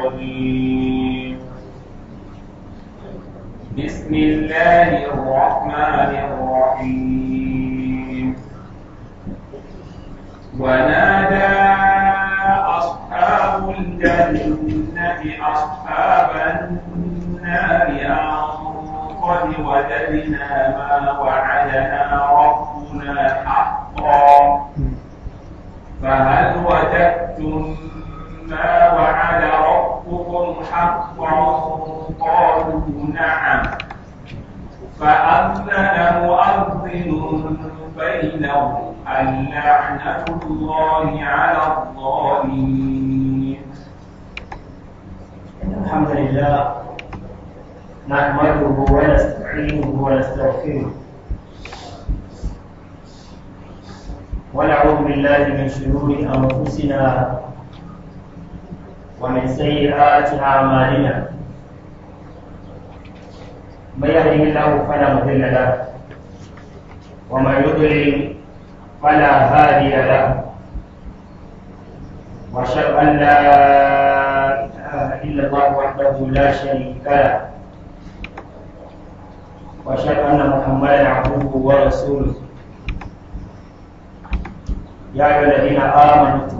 الرجيم بسم الله الرحمن الرحيم ونادى أصحاب الجنة أصحاب النار قد وجدنا ما وعدنا ربنا حقا فهل وجدتم الحق قالوا نعم فأذن مؤذن بينهم اللعنة الله على الظالمين إن الحمد لله نحمده ونستعينه ونستغفره ونعوذ بالله من شرور أنفسنا ومن سيئات أعمالنا من يهده الله فلا مضل له ومن يضلل فلا هادي له واشهد ان لا اله الا الله وحده لا شريك له واشهد ان محمدا عبده ورسوله يا ايها الذين امنوا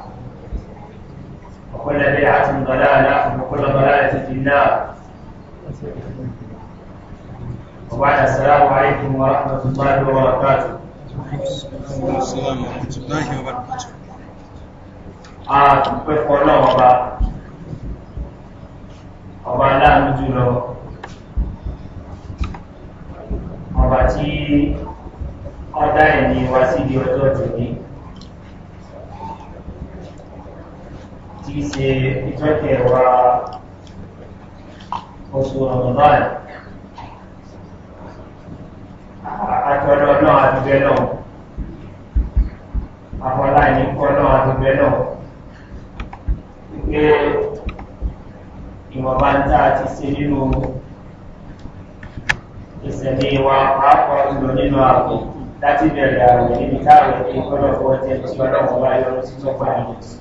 وكل بدعة ضلالة وكل ضلالة في النار وبعد السلام عليكم ورحمة الله وبركاته وعليكم السلام ورحمة الله وبركاته آه كيف قلنا وبا وبا لا نجلو وبا تي ọdá ẹni wá sí ibi ọjọ́ tèmi tí í ṣe ìjọ́ kẹwàá oṣù ramadan a náà àdúgbẹ́ náà àfọlá ìníkọ́ náà àdúgbẹ́ náà porque ìwọ̀nba ń tá a ti ṣe nínú ìṣẹ̀lẹ̀ wa pàápàá jùlọ nínú ààbò láti bẹ̀rẹ̀ ààrẹ níbi táàrẹ̀ ní ìkọ́lọ̀ fọ́jẹ́ tí ọlọ́run wáyọ́ títọ́pá ìrìnsì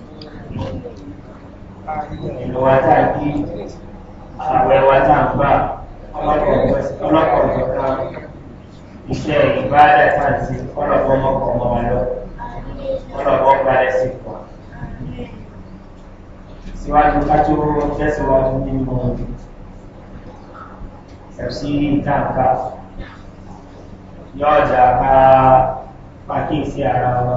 ìlú wa tá a kí ààrẹ wa tá a ń bá ọlọ́pọ̀ ìjọba iṣẹ́ ìbáàdà tá a ti ọlọ́pọ̀ ọmọkọ̀ ọmọ wa lọ ọlọ́pọ̀ balẹ̀ sí pọ̀ síwájú ká tó tẹ̀síwájú nínú ẹ̀sìn ìtàǹkà yọ̀ọ̀dà ká pàkíyèsí ara wa.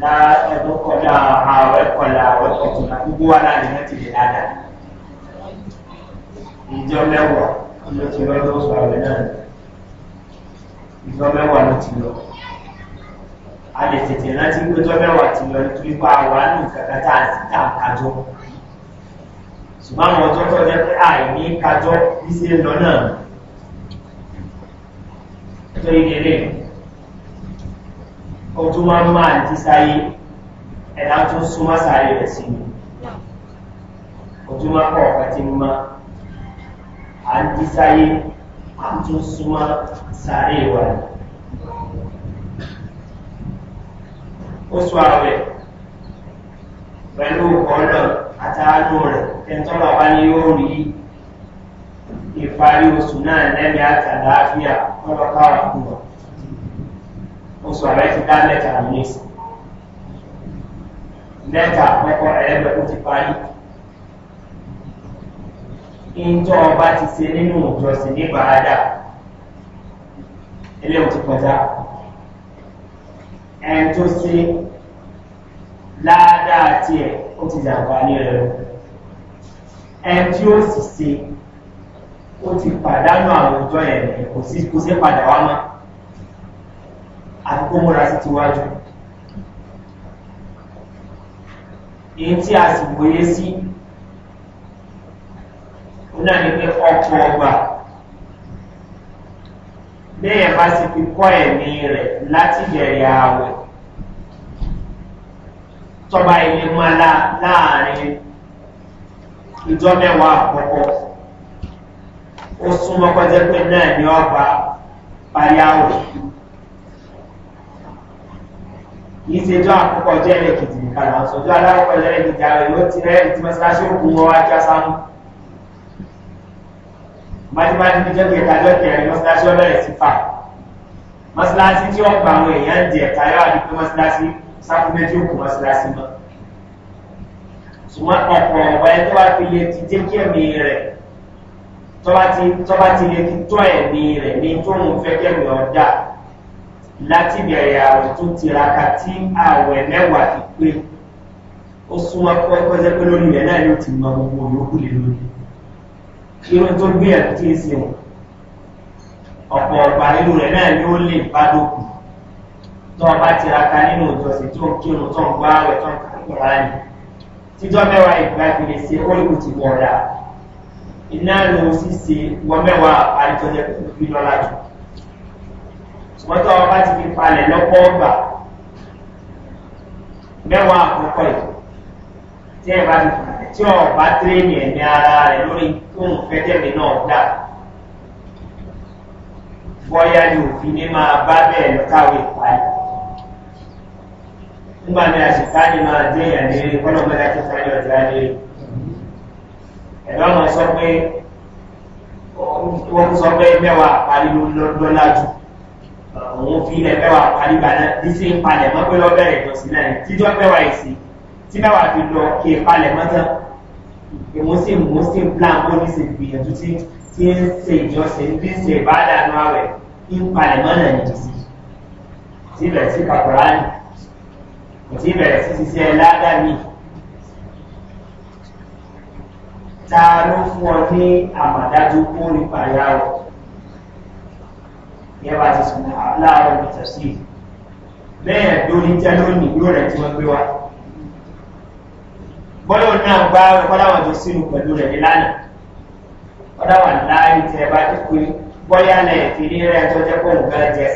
na ẹ̀bùn kọjá ààrẹ kọlá ààrẹ kọtùnà gbogbo wa náà nìyẹn ti lè dáadáa ìjọ mẹ́wàá ló ti lọ ló sọ ààrẹ náà ìjọ mẹ́wàá ló ti lọ a lè tètè rántí pé ìjọ mẹ́wàá ti lọ nítorí pé àwa ní ìkankan tá a ti tà kájọ ṣùgbọ́n àwọn ọjọ́ tó jẹ́ pé àìní kájọ bí ṣe ń lọ náà nítorí ilé rẹ̀ ó tún máa ń máa àti sáyé ẹ̀dá tún súnmọ́ sáré rẹ̀ sí ni ó tún máa kọ̀ ọ̀kan tí ń mọ́ ń ti sáyé à ń tún súnmọ́ sáré wa ni. ó sọ àwẹ̀ pẹ̀lú ọ̀nà àtàánú rẹ̀ tẹ́ntọ́lọ̀ bá ní yóò rí ìparí oṣù náà lẹ́mìí àtàlàáfíà ọlọ́kàwà kúrò oṣù ààrẹ ti dá lẹ́tà àmìlẹ́sì lẹ́tà pẹ́kọ́ ẹ̀ẹ́dẹ́gbẹ̀kú ti parí ìjọ ọba ti se nínú ìjọsìn ní bàádà eléwò ti kọjá ẹni tó ṣe láàdáa tiẹ̀ ó ti dàgbà ní ẹ̀rọ ẹni tí ó sì ṣe ó ti pàdánù àwùjọ yẹn kò sí padà wá náà àti kó múra sí tiwájú èyí tí a sì wòye sí ó náà ní pé ọkọ̀ ọgbà bẹ́ẹ̀ bá sì fi kọ́ ẹ̀mí rẹ̀ láti bẹ̀rẹ̀ ààwẹ̀ tọba ilé mọ́lá láàrin ìjọ mẹ́wàá àkọ́kọ́ ó súnmọ́ kọjá pé náà ní ọba parí ààwẹ̀ kìí ṣe jọ àkọ́kọ́ jẹ́ ẹlẹ́kìtì nìkadà ọ̀sọ̀jọ́ aláwọ̀kọ́ jẹ́ ẹlẹ́kìtì ara ìwé ti rẹ̀ ti mẹ́sàáṣí òkun wọn wájá sánú májímájí ní jẹ́bi ìtajọ́ kẹrin mọ́sálásí ọbẹ̀rẹ̀ sí fà mọ́sálásí tí ó gba àwọn èèyàn jẹ tayọ́ àdúgbò mọ́sálásí sákúmẹ́jì òkun mọ́sálásí mọ́ ṣùgbọ́n ọ̀pọ̀ ọ̀pọ̀ ẹni tó bá láti bẹ̀rẹ̀ àwẹ̀ tó tiraka tí àwẹ̀ mẹ́wàá ti pé ó súnmọ́ pẹ́pẹ́sẹ́ pé lórí rẹ̀ náà yóò ti mọ gbogbo yòókù lè lórí irun tó gbé ẹ̀kú tí ń se wọn ọ̀pọ̀ ọ̀pá nínú rẹ̀ náà yóò lè bá lókun tó ọba tiraka nínú ìjọsìn tó ń kírun tó ń gbá àwẹ̀ tó ń kàkọ́ láàyè títọ́ mẹ́wàá ìgbà fi lè se ó lókun ti bọ̀ ọ̀dà iná ló sì se wọ́n mẹ́wàá àríkọ́jẹ́ pẹ̀lú ṣùgbọ́n tó ọba ti fi palẹ̀ lọ́pọ̀ ọgbà mẹ́wàá àkọ́kọ́ yìí tí ẹ bá ti tí ọba tírénì ẹ̀mí ara rẹ̀ lórí tóun fẹ́ tẹ̀mí náà dà bọ́yá ni òfin ní máa bá bẹ́ẹ̀ lọ́tàwé ìpalẹ̀ nígbà ní àṣìká ni máa dé ìyàlérè kọ́nà mẹ́ta tó fẹ́ yọ̀ ọ̀dà lé ẹ̀rọ ọmọ sọ pé wọ́n sọ pé mẹ́wàá àpárí ló ń lọ́dọ́ lájú òun fi ilẹ̀ mẹ́wàá parí gbàdá bí sí ń palẹ̀ mọ́ pé lọ́ọ́ bẹ̀rẹ̀ ìjọsìn náà tíjọ́ mẹ́wàá ìsìn tí mẹ́wàá fi lọ kí n palẹ̀ mọ́ tán èmo sì mú sí plan bó ní ṣe gbìyànjú tí tí ń ṣe ìjọsìn ń bí ṣe bá dànù àwẹ̀ ń palẹ̀ mọ́ náà nìyí sí tí bẹ̀rẹ̀ sí kàkúrá nì kò tí bẹ̀rẹ̀ sí ṣiṣẹ́ ládàá mi ta ló fún ọ ní àmàdájú kó nípa ìyá rẹ̀ yẹba ti sùn láàárọ̀ ní tẹ̀sí lẹ́yìn lórí jẹ́ lónìí yóò rẹ̀ tí wọ́n gbé wá bọ́lọ̀ náà gbá ọ̀pọ̀láwọ̀n tó sínú pẹ̀lú rẹ̀ nílànà ọ̀dáwọ̀n láàyè tẹ́ bá ti pé bọ́yá náà ti rí rẹ̀ tó jẹ́ pọ̀ nǹkan jẹ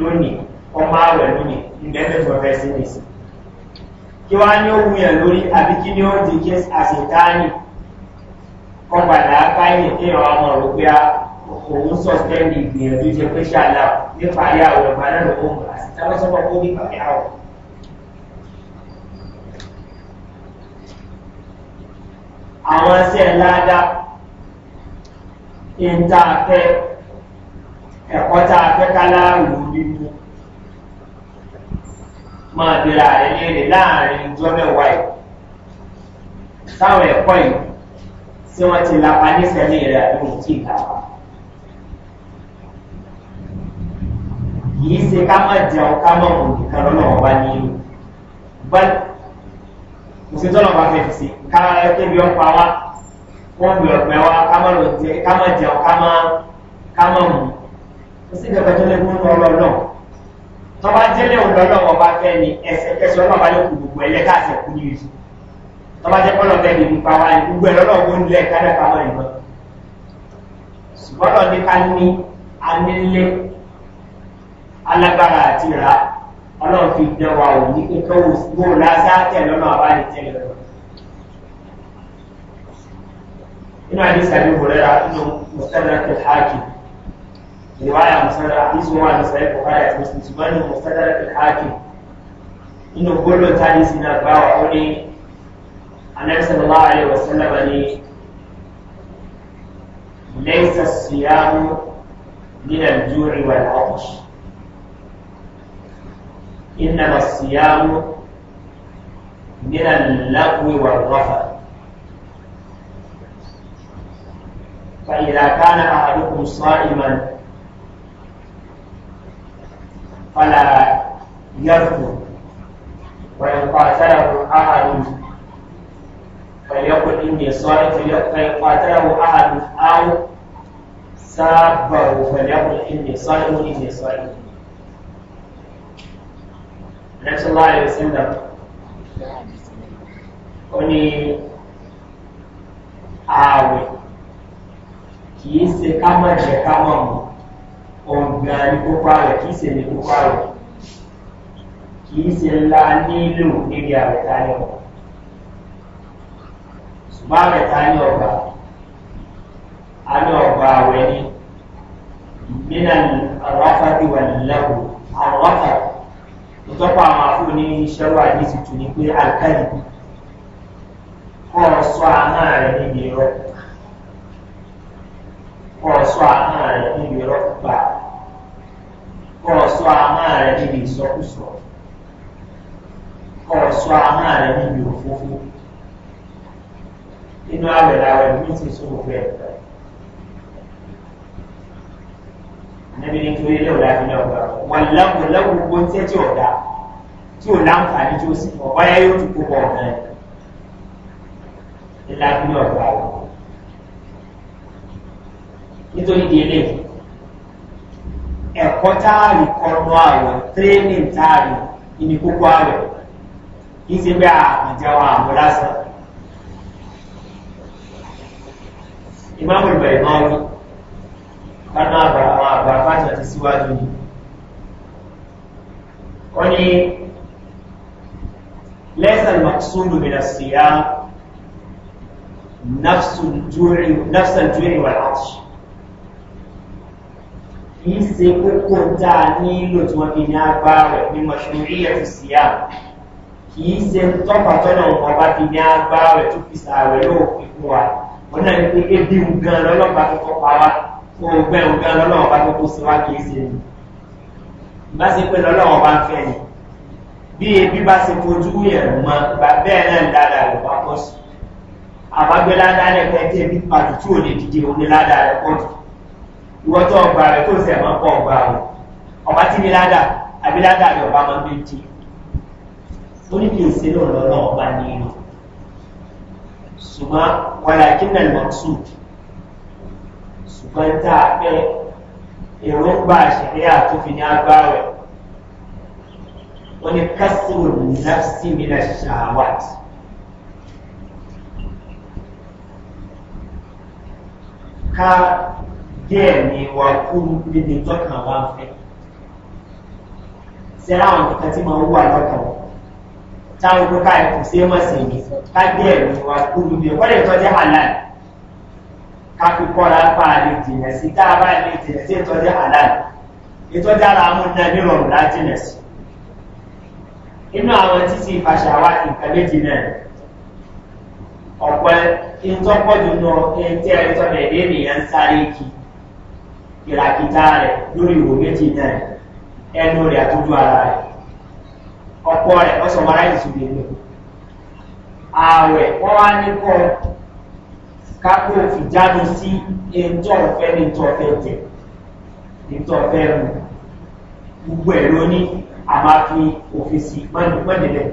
lónìí ọmọ àwẹ̀ lónìí ìgbẹ́fẹ́ tó fẹ́ sí nìsí kí wá ní ohun yẹn lórí àbí kí ni ó di kí òun sọ̀tẹ́ndì ìgbìyànjú jẹ pé ṣáàlà nípa ayé àwọn ọ̀gbà náà lòun mọ̀ àti tábẹ́sọ́pọ̀ kó nípa ayé àwọn. àwọn ẹsẹ̀ ńláńlá ìta afẹ́ ẹ̀kọ́ tá a fẹ́ ká láàrú nínú máa bèèrè ààrẹ léèrè láàrin ìjọ mẹ́wàá yìí táwọn ẹ̀kọ́ yìí tí wọ́n ti lapa nísẹ̀mí rẹ̀ àbí òun tí ì kì í ṣe ká má jẹun ká má mú nìkan lọ́nà ọba ní ìlú bá kò sí tọ́nà bá fẹ́ fi sí ká kébi ọ̀pá wa wọ́n bí ọ̀pẹ wa ká má lò jẹ ká má jẹun ká má ká má mú kò sí kẹfẹ́ tó lè fún ọlọ́ọ̀lọ́ tọ́ba jẹ́lẹ̀ ọ̀lọ́lọ́ ọba fẹ́ ni ẹsẹ̀ kẹsẹ̀ ọlọ́ba yóò kú gbogbo ẹ̀yẹ káàsẹ̀ kú ní ìlú tọ́ba jẹ́ kọ́lọ̀ fẹ́ ni nípa wa gbogbo ẹ̀lọ́lọ́ ọgbọ́n lẹ̀ ká lẹ́ ká má ìbọn ṣùgbọ́n lọ́ọ́ ní ká ní anílé alágbára àti rà ọlọ́run fi dẹwà ò ní pé kó wò lásàtẹ̀ lọ́nà àbáyé tẹ́lẹ̀ lọ. inú àdìsí àbí bòrẹ́ra nínú mùsàlá tó hákì ìwáyà mùsàlá àdìsí wọn àdìsí àbí bòrẹ́ra àti mùsùlùmí ṣùgbọ́n nínú mùsàlá tó hákì inú gbólóò tádìsí náà gbá wà ó ní anẹ́sẹ̀lá àlẹ́ wọ̀sẹ́lẹ̀ wà ní lẹ́sẹ̀ síyáàmù nínú àjúwèé wà ní ọ̀pọ̀ṣù. إنما الصيام من اللغو والرفث فإذا كان أحدكم صائما فلا يرفض وإن قاتله أحد فليقل إني صائم فإن قاتله أحد أو سابه فليقل إني صائم إني صائم sallallahu alaihi wasallam ó ní ààwẹ̀ kìí ṣe ká má jẹ ká mọ̀ mọ́ òun gan ni kókó ààwẹ̀ kìí ṣe ní kókó ààwẹ̀ kìí ṣe ńlá nílò níbi ààwẹ̀ tá ọ̀gbà ṣùgbọ́n ààwẹ̀ tá ọ̀gbà á ọ̀gbà ààwẹ̀ ni nínà àrọ́fàdì wà nílẹ̀ àrọ́fàdì ìtọ́pọ̀ àwọn àfò ní ìṣẹ́wà yìí sì tún ní pé alkali kọ́ sọ àhán rẹ̀ níbi irọ́ kọ́ sọ àhán rẹ̀ níbi irọ́ pa kọ́ sọ àhán rẹ̀ níbi ìsọkúsọ kọ́ sọ àhán rẹ̀ níbi òfófó inú àwẹ̀ làwẹ̀ ní ti sọ̀rọ̀ bẹ́ẹ̀. níbi nítorí ilé ọ̀dà ìpínlẹ̀ ọ̀gá wà láwùjọ láwùjọ gbogbo tí ẹ da ọ̀dà tí ò láǹfààní tí ó sì fọ báyà yóò tún kó bọ̀ ọ̀gá ẹ̀ ilá ìpínlẹ̀ ọ̀gá rẹ̀ nítorí di ilé ẹ̀kọ́ táàrí kọ́nù àwẹ̀ tírénì táàrí ìní kókó àwẹ̀ kì í ṣe pé àjẹun àwọ̀ lásán ìmáàmù ìbẹ̀rẹ̀ máa ń wí lánà àbọ̀ àwọn àbọ̀ àfáàtì àti síwájú ni wọ́n ní lẹ́sàn maksúndù mi nàṣìyá nafsan júwèrè wà láti kìí ṣe kókó tá a nílò tí wọ́n fi ní agbára ní mọ̀ṣúrí ẹ̀fù síyá kìí ṣe tọ́pàtọ́ náà wọ́n bá fi ní agbára tó fi sàárẹ̀ lóòfin fún wa wọ́n náà ní pé ebi ń gan lọ́lọ́pàá tó kọ́ pa wá ògbẹ́ ògbẹ́ lọ́lọ́wọ́ bá tó kó sí wá kìí ṣe ni bá ṣe pé lọ́lọ́wọ́ bá ń fẹ́ ni bí ebi bá ṣe fojú yẹn mọ ìgbà bẹ́ẹ̀ náà ń dára rẹ̀ wá pọ̀ sí àbágbé ládàá rẹ̀ pẹ́ tí ebi pàdù tí ò lè dìde òní ládàá rẹ̀ pọ̀ jù ìwọ́ tó ọgbà rẹ̀ tó sẹ̀ mọ́ pọ̀ ọgbà rẹ̀ ọba tí ní ládàá àbí ládàá rẹ̀ ọba máa ń bí ti ó ní kí n ṣe lọ́lọ́wọ́ bá ní inú ṣùgbọ́n wàlàkí náà lọ́sùn mọ̀ntà pé èròǹgbà àṣẹ̀ríà tó fi ní agbára rẹ̀ wọ́n ní kásìrò nafsi mina shahawat ká díẹ̀ ní wà kúrú níbi tọ́kàn wá ń fẹ́ sí àwọn nǹkan tí máa ń wà lọ́kàn táwọn ìgbéka ẹ̀kọ́ sí ẹ̀mọ́sẹ̀ yìí ká díẹ̀ ní wà kúrú níbi ọ̀pọ̀lọpọ̀ tó jẹ́ halal kápí kọ́ra pa lè jìnà sí dáàbà lè jìnà sí ìtọ́jú àdáyé ìtọ́jú ara mú náà nírọ̀rùn láti jìnà sí inú àwọn títí ìfàṣàwá nǹkan méjì náà ọ̀pẹ ìtọ́pọ̀jù náà ẹ̀ńtẹ́ ìtọ́jú ẹ̀dẹ́ ènìyàn lórí méjì ẹnu rẹ̀ àtúndú ara rẹ̀ ọ̀pọ̀ rẹ̀ kápò ìjánu sí ẹjọ́ ọ̀fẹ́ ní ìtọ́ ọ̀fẹ́ jẹ ìtọ́ ọ̀fẹ́ rù gbogbo ẹ̀ ló ní a máa fi òfin sí mọ́nìlẹ̀.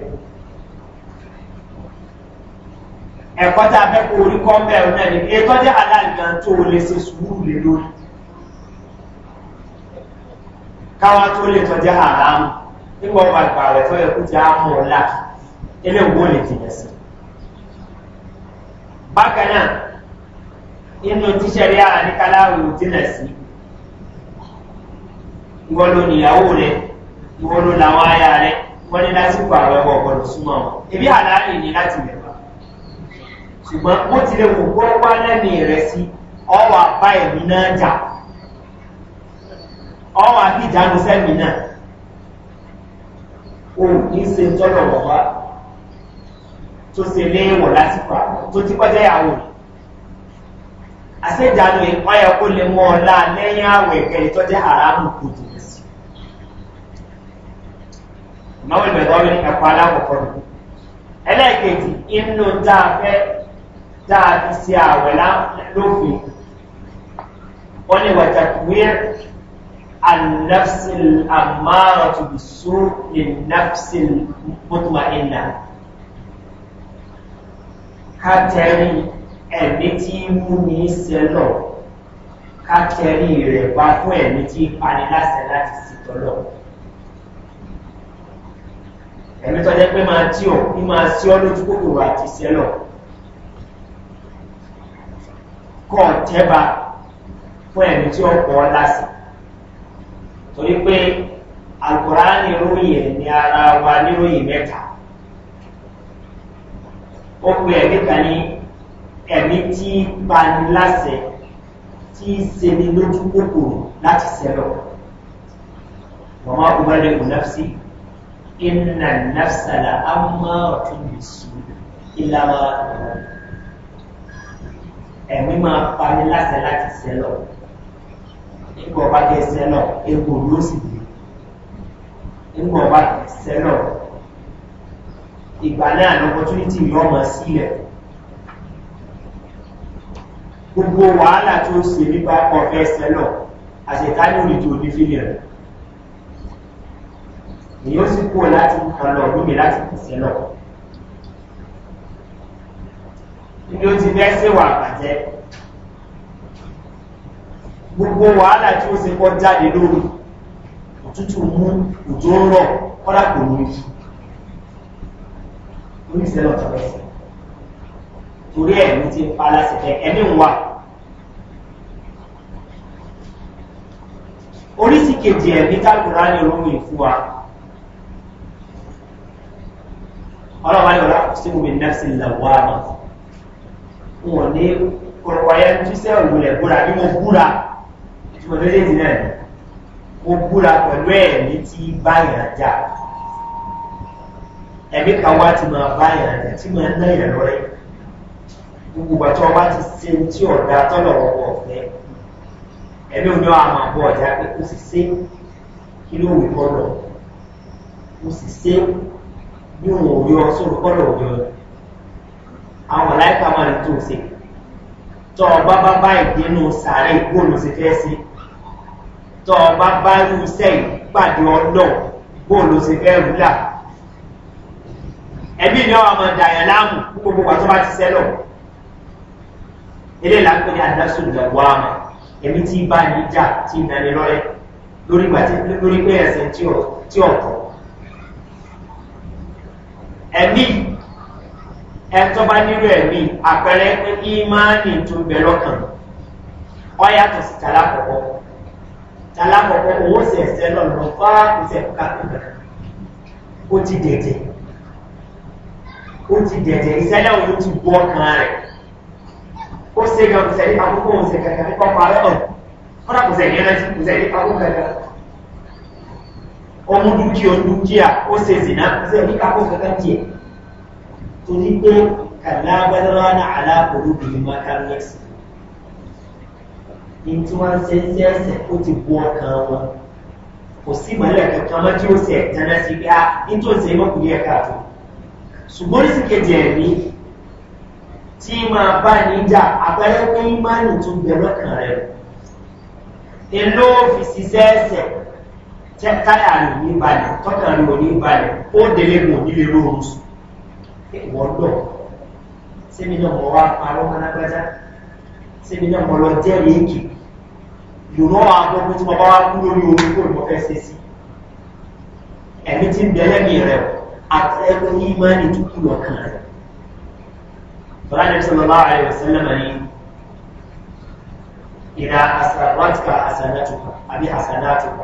ẹ̀kọ́ tá a fẹ́ kó orí kọ́ bẹ́ẹ̀ náà ni ètò jẹ́ aláìgbà tó o lè ṣe sùúrù lé lórí káwọn tó lè tọ́jú àràmù nígbà wọn àgbà rẹ̀ tó yẹ kó ti á mọ̀ eléwòó lè jìnà sí. bákan náà nínú tíṣẹ̀rí a jìnà sí si. ló níyàwó rẹ̀ wọ́n ló aya rẹ̀ wọ́n ní lásìkò àwọn ẹ̀wọ̀ ọ̀gbọ̀nà súnmọ́ wọn ebi àlàyé ní láti mẹ̀fà ṣùgbọ́n ó ti lè wò kó wá si, o ṣe lati ti àṣẹjánu ìpáyà kó lè mọ́ ọ̀la lẹ́yìn àwẹ̀ kẹ́lẹ̀ tó jẹ́ àránù kùtù ìmọ̀wé ìgbẹ̀gbọ́n ní ẹ̀kọ́ alákọ̀ọ́kọ́ ni ẹlẹ́ẹ̀kejì inú dáafẹ́ dáafi sí àwẹ̀ lófin wọ́n ní wàjàkúwé ànáfsìl àmárọ̀ tó bí sú lè náfsìl mọ́tòmáìnà ká tẹ́rìn ẹ̀mí tí ń mú ní sẹ́lọ̀ ká tẹ̀rí rẹ̀ wá fún ẹ̀mí tí pani láṣẹ láti ṣètọ́lọ̀. ẹ̀mí tó jẹ́ pé máa tí ò ní máa sí ọ́ lójú kòkòrò àti sẹ́lọ̀ kọ́ tẹ́ba fún ẹ̀mí tí ó pọ̀ láṣẹ. torí pé àgùrá ni ròyìn ní ara wa ní ròyìn mẹ́ta. ó pe ẹ̀mí kan ní ẹ̀mí tí pani láṣẹ tí ṣe ní lójú kòkòrò láti ṣẹlọ mọ̀mọ́ ọgbẹ́rẹ́ ìnáfsí iná náfsàlà àmọ́ ọ̀tún nìṣú ìlànà ẹ̀mí máa pani láṣẹ láti ṣẹlọ nígbà ọba jẹ ṣẹlọ egbò ló sì dé nígbà ọba ṣẹlọ ìgbà náà ní opportunity yọ ọmọ sílẹ̀. Si gbogbo wàhálà tí ó ṣe nípa ọ̀fẹ́ sẹ́lọ̀ àṣetáni ò ní tó ní fílẹ̀ rẹ̀ èyí ó sì kó láti kan lọ lómi láti kù sẹ́lọ̀ níbi ó ti fẹ́ ṣèwà àbàjẹ́ gbogbo wàhálà tí ó ṣe kọ́ jáde lórí òtútù mú òjò ń rọ̀ kọ́dà kò ní orí sẹ́lọ̀ tọ́lọ́sẹ̀ torí ẹ̀ mo ti pa láti tẹ ẹ̀mí ń wà. oríṣi kejì ẹ̀mí tágùrá ní olóhùn ìfú wa ọlọ́wà yóò rákò sí omi nẹ́ẹ̀sì lẹ́wọ́ àná wọn ní kọ̀rọ̀wáyé túnṣẹ́ òwúrẹ̀ búra bí mo búra ìtumọ̀ méjèèjì náà mo búra pẹ̀lú ẹ̀mí tí báyà já ẹ̀mí kan wá ti máa báyà já tí máa ń náyà lọ́rẹ́ gbogbo àti ọba ti se tí ọ̀dà tọ́lọ̀ ọwọ́ ọ̀fẹ́ ẹ̀mí òní àmà bọ̀ ọ̀dà pé kò sì sé kí ló wù kọ́lọ̀ kò sì sé bí òun ò yọ sórí kọ́lọ̀ ò yọ àwọn láìka máa ń tó ṣe tọ́ ọba bá bá ìdínú sàárẹ̀ ìgbóhùn sí fẹ́ sí tọ́ ọba bá irú iṣẹ́ ìpàdé ọlọ́ọ̀ bóòlù sí fẹ́ rúlà ẹbí ni wọn máa dàyàn láàmú gbogbo eléyìí la ń pè ní adasu ìjàgbọ́ àmọ́ tí bá ní jà tí ń nani lọ́rẹ́ lórí pé ẹ̀sìn tí ọ̀tọ̀ ẹ̀mí ẹ̀tọ́ bá nírú ẹ̀mí àpẹẹrẹ pé kí máa ní tún bẹ lọ́kàn ọ yàtọ̀ sí tàlá kọ̀kọ́ owó sì ó ṣe gan kò sẹ́yìn kakú kó ń ṣe kẹ̀kẹ́ nípa parẹ́ hàn kọ́dà kò sẹ́yìn ẹlẹ́sì kò sẹ́yìn kakú kẹ̀kẹ́ ọmú dúkìá dúkìá ó ṣe zìnà kò sẹ́yìn kakú kẹ̀kẹ́ tiẹ̀ torí pé kàlá gbẹdọ́rọ́ náà àlá olúbìnrin máa ká lọ́sì ní tí wọ́n ṣe ń ṣe ẹsẹ̀ ó ti bu ọkàn wọn kò sí ìmọ̀lẹ̀ kankan mọ́ tí ó ṣe ẹ̀tẹ́ná sí bí ah, a tí máa bá níjà àpẹẹrẹ pé ìmáàlì tún bẹ̀rẹ̀ kan rẹ̀ èlò fi ṣiṣẹ́ ẹsẹ̀ tẹ́ táyà rẹ̀ ní balẹ̀ tọ́tà rẹ̀ ò ní balẹ̀ ó délé mọ̀ nílé lóhùn sùn ìwọ́n lọ sẹ́mi náà mọ̀ wá parọ́ kánágbájá sẹ́mi náà mọ̀ lọ jẹ́rìí èkì yòrò àgbọ̀gbọ̀ tí bàbá wa kú lórí orí kò lọ fẹ́ ṣe sí ẹ̀mí ti bẹ̀rẹ̀ mi rẹ̀ àtẹ́kùn ìmáàlì tún kú lọ kan rẹ̀ قرآن صلى الله عليه وسلم إذا أسرتك حسناتك أبي حسناتك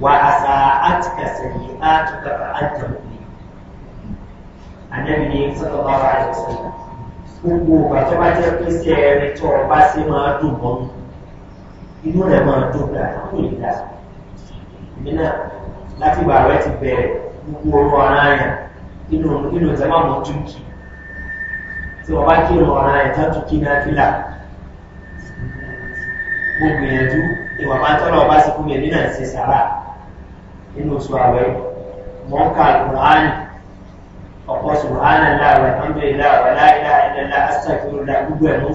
وأساءتك سيئاتك فأنت مؤمن النبي صلى الله عليه وسلم gbogbo ọgbà tó bá jẹ́ pé sí ẹni tó ọba sí máa dùn mọ́ inú rẹ̀ máa dùn gbà kó lè dà èmi náà láti ìgbà rẹ̀ ti bẹ̀rẹ̀ gbogbo ọmọ ara yẹn inú ìjọba mọ́ tuntun tí wọ́n bá kí ìrọ̀ ọ̀rọ̀ ẹ̀tọ́ tún kí náà fílà mo gbìyànjú ìwà máa tọ́lọ̀ ọba sí fún mi èmi náà ṣe sàrà nínú oṣù àwẹ̀ mọ́ ń ka àlùkùránì ọ̀pọ̀ sùránà láàrẹ̀ alhamdulilá ọ̀rọ̀ láìlá ìlẹ̀lá astagfirulá gbogbo ẹ̀ ló ń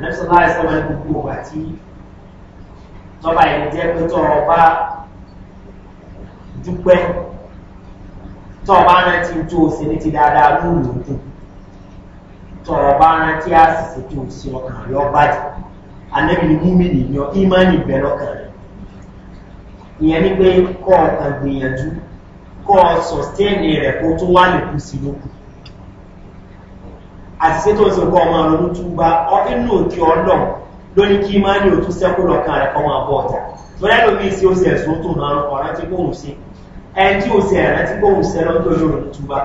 àlẹ́sọ̀lá ẹ̀sọ́ wọn ní gbogbo ọ̀gbà tí tọ́ba yìí jẹ́ pé tọ́ ọba dúpẹ́ tọ́ ọba rántí tó o ṣe ní ti dáadáa lóòrò kù tọ́ ọba rántí àṣìṣe tó o ṣe ọkàn rẹ ọba jù àlẹ́bìrì múmi nìyàn àti sétò ń sọ̀kọ́ ọmọ ọ̀rọ̀ tó bá inú òkè ọlọ́m lórí kí máa ní òtún sẹ́kù lọ́kàn rẹ̀ kọ́ máa bọ̀ ọ̀tà lọ́yà lómi sí ó sì ẹ̀sùn tó náà ọ̀rán tí kóhùn sí ẹni tí ó sì ẹ̀rán tí kóhùn sí ẹ̀rán tó lórí túbá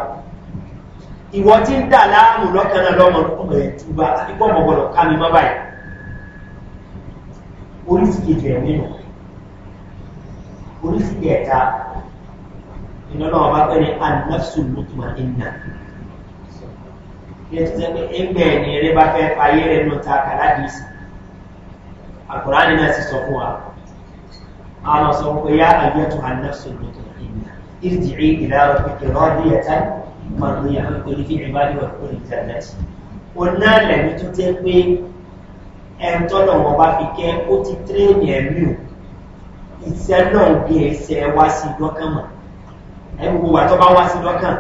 ìwọ tí ń dà láàmù lọ́kàn náà lọ́mọ ọmọ ẹ̀ túbá ikọ́ mọ̀gbọ̀lọ̀ ká mi má báyìí oríṣi inna ẹgbẹ́ ẹni eré bá fẹ́ fayé rẹ̀ nù ta kàládìsì àkùránì náà ti sọ fún wa àwọn sọ pé yá àyẹ̀tò ànáfsọ̀ lókè ìgbà ìrìjì ìlà òkè rọ́ọ̀dì ẹ̀tàn mọ̀lúyà olùfi ìbádìí wà lórí ìtẹ̀lẹ́tì ó náà lẹ́nu tó jẹ́ pé ẹ̀ńtọ́nà wọn bá fi kẹ́ ó ti tírèèdì ẹ̀mí o ìṣẹ́ náà gbé ẹsẹ̀ wá sí lọ́kàn mọ̀ ẹ̀ gbogbo wà tó bá wá sí lọ́kàn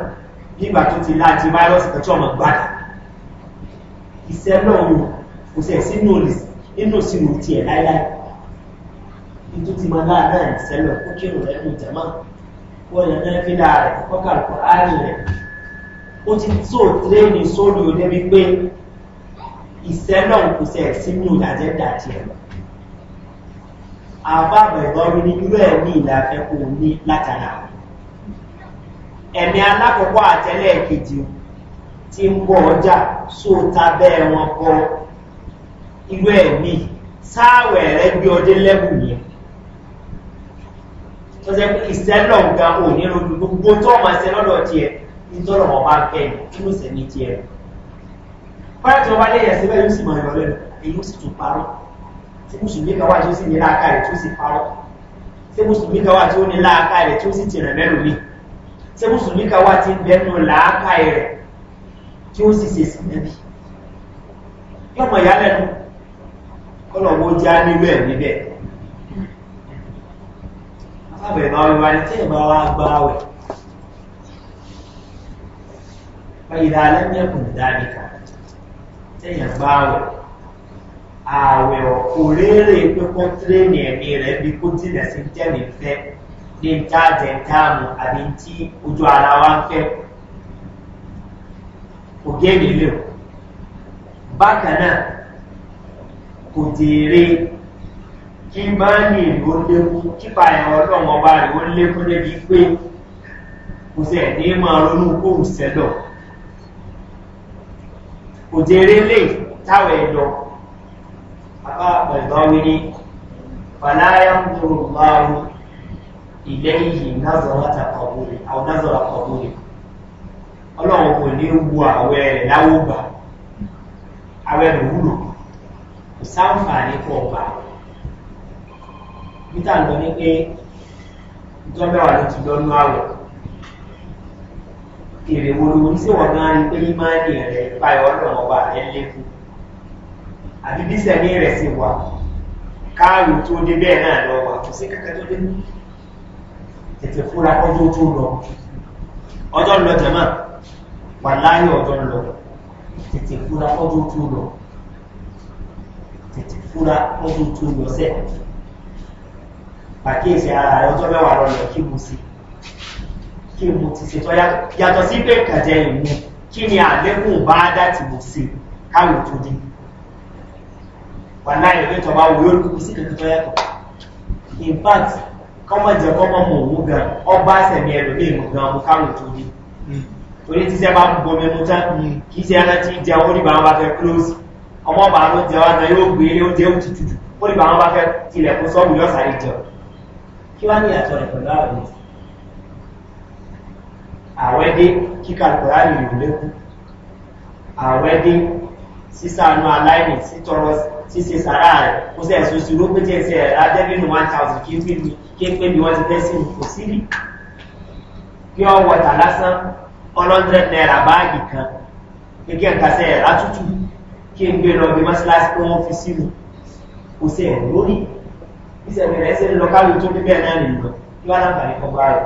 nígbà tó ti láti fáírọ́ọ̀sì kan tí ọmọ gbàdá ìṣẹ́ náà wò kò sẹ̀ sínú nínú sínú tiẹ̀ láíláí nítorí ti máa láàá náà ìṣẹ́ náà kó kírun rẹ̀ ní ìjàmá kó ẹ̀yàn náà fi dáa rẹ̀ kó kàlùkù áàrì rẹ̀ ó ti tó tírénì sórí òde wípé ìṣẹ́ náà kò sẹ̀ sínú ìdájẹ́ dà tiẹ̀ lọ àbábọ̀ ìbọ̀rú ní irú ẹ̀ ní ìlàfẹ́ kò ní látara ẹ̀mí alákọ̀ọ́kọ́ àtẹ́lẹ̀ kejì o tí ń bọ̀ ọjà sóòtà bẹ́ẹ̀ wọn kọ irú ẹ̀ mi sáàwẹ̀ rẹ gbé ọdẹ lẹ́bùn yẹn tó jẹ́ pé ìsẹ́lọ̀ ga òní lójú gbogbo tó ọmọ ẹsẹ̀ lọ́dọ̀ tiẹ̀ nítorí ọmọ bá bẹ́ẹ̀ ni kí ló sẹ̀ ní tiẹ̀ rẹ̀ fọ́nà tí wọ́n bá léyìn ẹ̀sẹ̀ bẹ́ẹ̀ yóò sì mọ̀ ẹ̀rọ lẹ́nu èyí ó sì tún parọ́ tí mùsùlùmí kan wà tí ó sì ní láàká rẹ̀ tí ó sì parọ́ tí mùsùlùmí kan wà tí ó ní láàká rẹ̀ tí ó sì tìrẹ̀ mẹ́rù mi tí mùsùlùmí kan wà tí ń bẹ́ẹ̀ nù láàká rẹ̀ tí ó sì ṣe sìnẹ́bì yọmọ ìyálẹ́nu kọlọ̀wọ́ já nílò ẹ̀ níbẹ̀ sábẹ̀ máa wíwá ní tí ìbá wá gbá wẹ̀ fàyídà alẹ́mẹ́kùn dáríkà tẹ́yìn gbá wẹ̀ ààwẹ̀ òréré pé kó tírẹ́nì ẹ̀mí rẹ̀ bí kó tilẹ̀ sí jẹ́mi fẹ́ ní jáde jáàmù àbí tí ojú ara wa ń fẹ́ jẹ́rìí lẹ̀ bákan náà kò jèrè kí bá ní ìlú lékún kípa ẹ̀rọ ọlọ́run ọba rẹ̀ ó lékún débi pé kò sí ẹ̀dí máa ronú kóhùn sẹ́lọ̀ kò jèrè lè táwọn ẹ̀dọ̀ bàbá àgbẹ̀gbọ́ wí ní fàlàyà ń dúró báwo ilé yìí názọ̀rọ̀ àtàkọ̀bùrì àwọn názọ̀rọ̀ àkọ̀bùrì kù. ọlọ́run kò ní wo àwẹ̀ rẹ̀ láwọ́ gbà àwẹ̀ rẹ̀ wúlò kò sáǹfààní kọ̀ gbà peter lọ ní pé ìjọ wà ló ti lọ́nu àwẹ̀ èrè wo ló ń sèwọ̀n náà ní pé rẹ̀ báyọ̀ ọlọ́run ọba rẹ̀ àbí bí rẹ̀ sì wà tó dé bẹ́ẹ̀ náà lọ wà kò sí tó dé ọjọ́ tó lọ ọjọ́ lọ jẹ̀mọ́. wà láyé ọ̀jọ́ lọ tètè fúra ọdún tó lọ tètè fúra ọdún tó lọ sẹ́ àkíyèsí ara rẹ ọjọ́ mẹ́wàá lọ lọ kí mo sí kí mo ti ṣètọ́ yàtọ̀ sí pé kàjẹ́ ìmú kí ni àlékún bá dá tí mo ṣe káyọ̀ tó dé wà láyé ọjọ́ bá wọ yóò kú sí kankan tó yàtọ̀ in fact kọ́mọ̀jẹ̀ kọ́mọ̀ mọ̀ òun gan ọba sẹ̀mí ẹlòmíì mọ̀ gan mo káyọ̀ tó dé torí tí sẹ́ bá gbomi ẹnu tán kì í ṣe ẹran tí jẹ ó nígbà wọn bá fẹ́ kílóòsì ọmọ ọba ló jẹ wá náà yóò gbé ó jẹ òtì tutù ó nígbà wọn bá fẹ́ tilẹ̀kùn sọ́ọ̀bù lọ́sàárì jẹ kí wá ní ìyàtọ̀ rẹ̀ pẹ̀lú àwọn ènìyàn àwẹ́dé kíkà kòránì rẹ̀ lékún àwẹ́dé sísànú aláìní sítọrọ síse sàrá rẹ̀ kó sẹ́ ẹ̀sùn sí ló pété ẹsẹ̀ rẹ̀ ládẹ́bínú 1000 kí kí ọ ọlọ́ndẹ̀ náírà báàgì kan gẹ́gẹ́ ẹ̀kasẹ̀ ẹ̀rá tútù kí n gbé lọ bí mọ́síláṣí pé wọ́n fi sínú kò sí ẹ̀rù lórí ìṣẹ̀lẹ̀ rẹ̀ ṣe lọ káwé tó níbẹ̀ náà nìyẹn kí wọ́n láǹfààní kan gbá rẹ̀.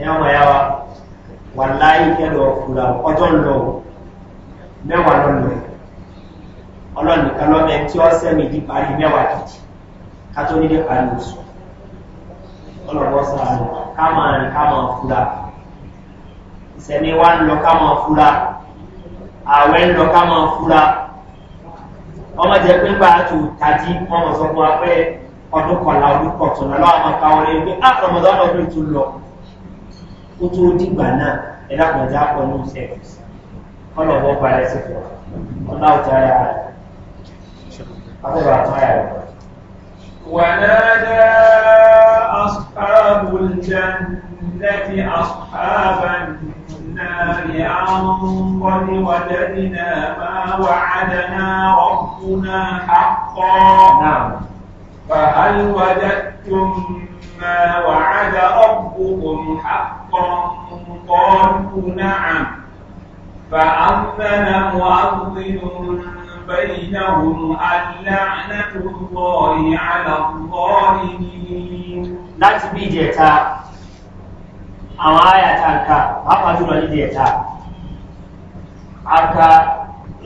ẹ ọmọ ẹ̀yà wa wà láyé kẹ́lọ̀ fúra ọjọ́ lọ mẹ́wàá lọ́lọ́ ọlọ́ọ̀nì kan lọ́mọ tí ó sẹ́mi di parí mẹ́wàá kejì ká tó parí oṣù ọlọ́ọ̀bọ̀ sọ̀rọ̀ ká máa rìn ká ìsẹ̀ni wa ń lọ ká máa fura ààwẹ̀ ń lọ ká máa fura ọmọ jẹ pé gbà á tù tají wọn mọ̀ sọ fún wa pé ọdún kọ̀ọ̀la ọdún kọ̀ọ̀tún lọ́wọ́ àwọn akáwọn lé pé á ah, rọmọdọ́ ọdún tó lọ kó tó dìgbà náà ẹ̀dá kan já pọ̀ ní ìṣẹ́ ìfẹ̀sẹ̀ ọlọ́wọ́ balẹ̀ sí fún wa ọláwọ̀ tí a yà rẹ̀ akọ̀rọ̀ àtúnyà rẹ̀. ونادى أصحاب الجنة أصحاب النار فرعون قد وجدنا ما وعدنا ربنا حقا نعم فهل وجدتم ما وعد ربكم حقا قالوا نعم فأمن مؤذن بينهم اللعنة الله على الظالمين. That be àwọn àyà tá a ka pàápàá jùlọ nídìí ẹ̀ta a ka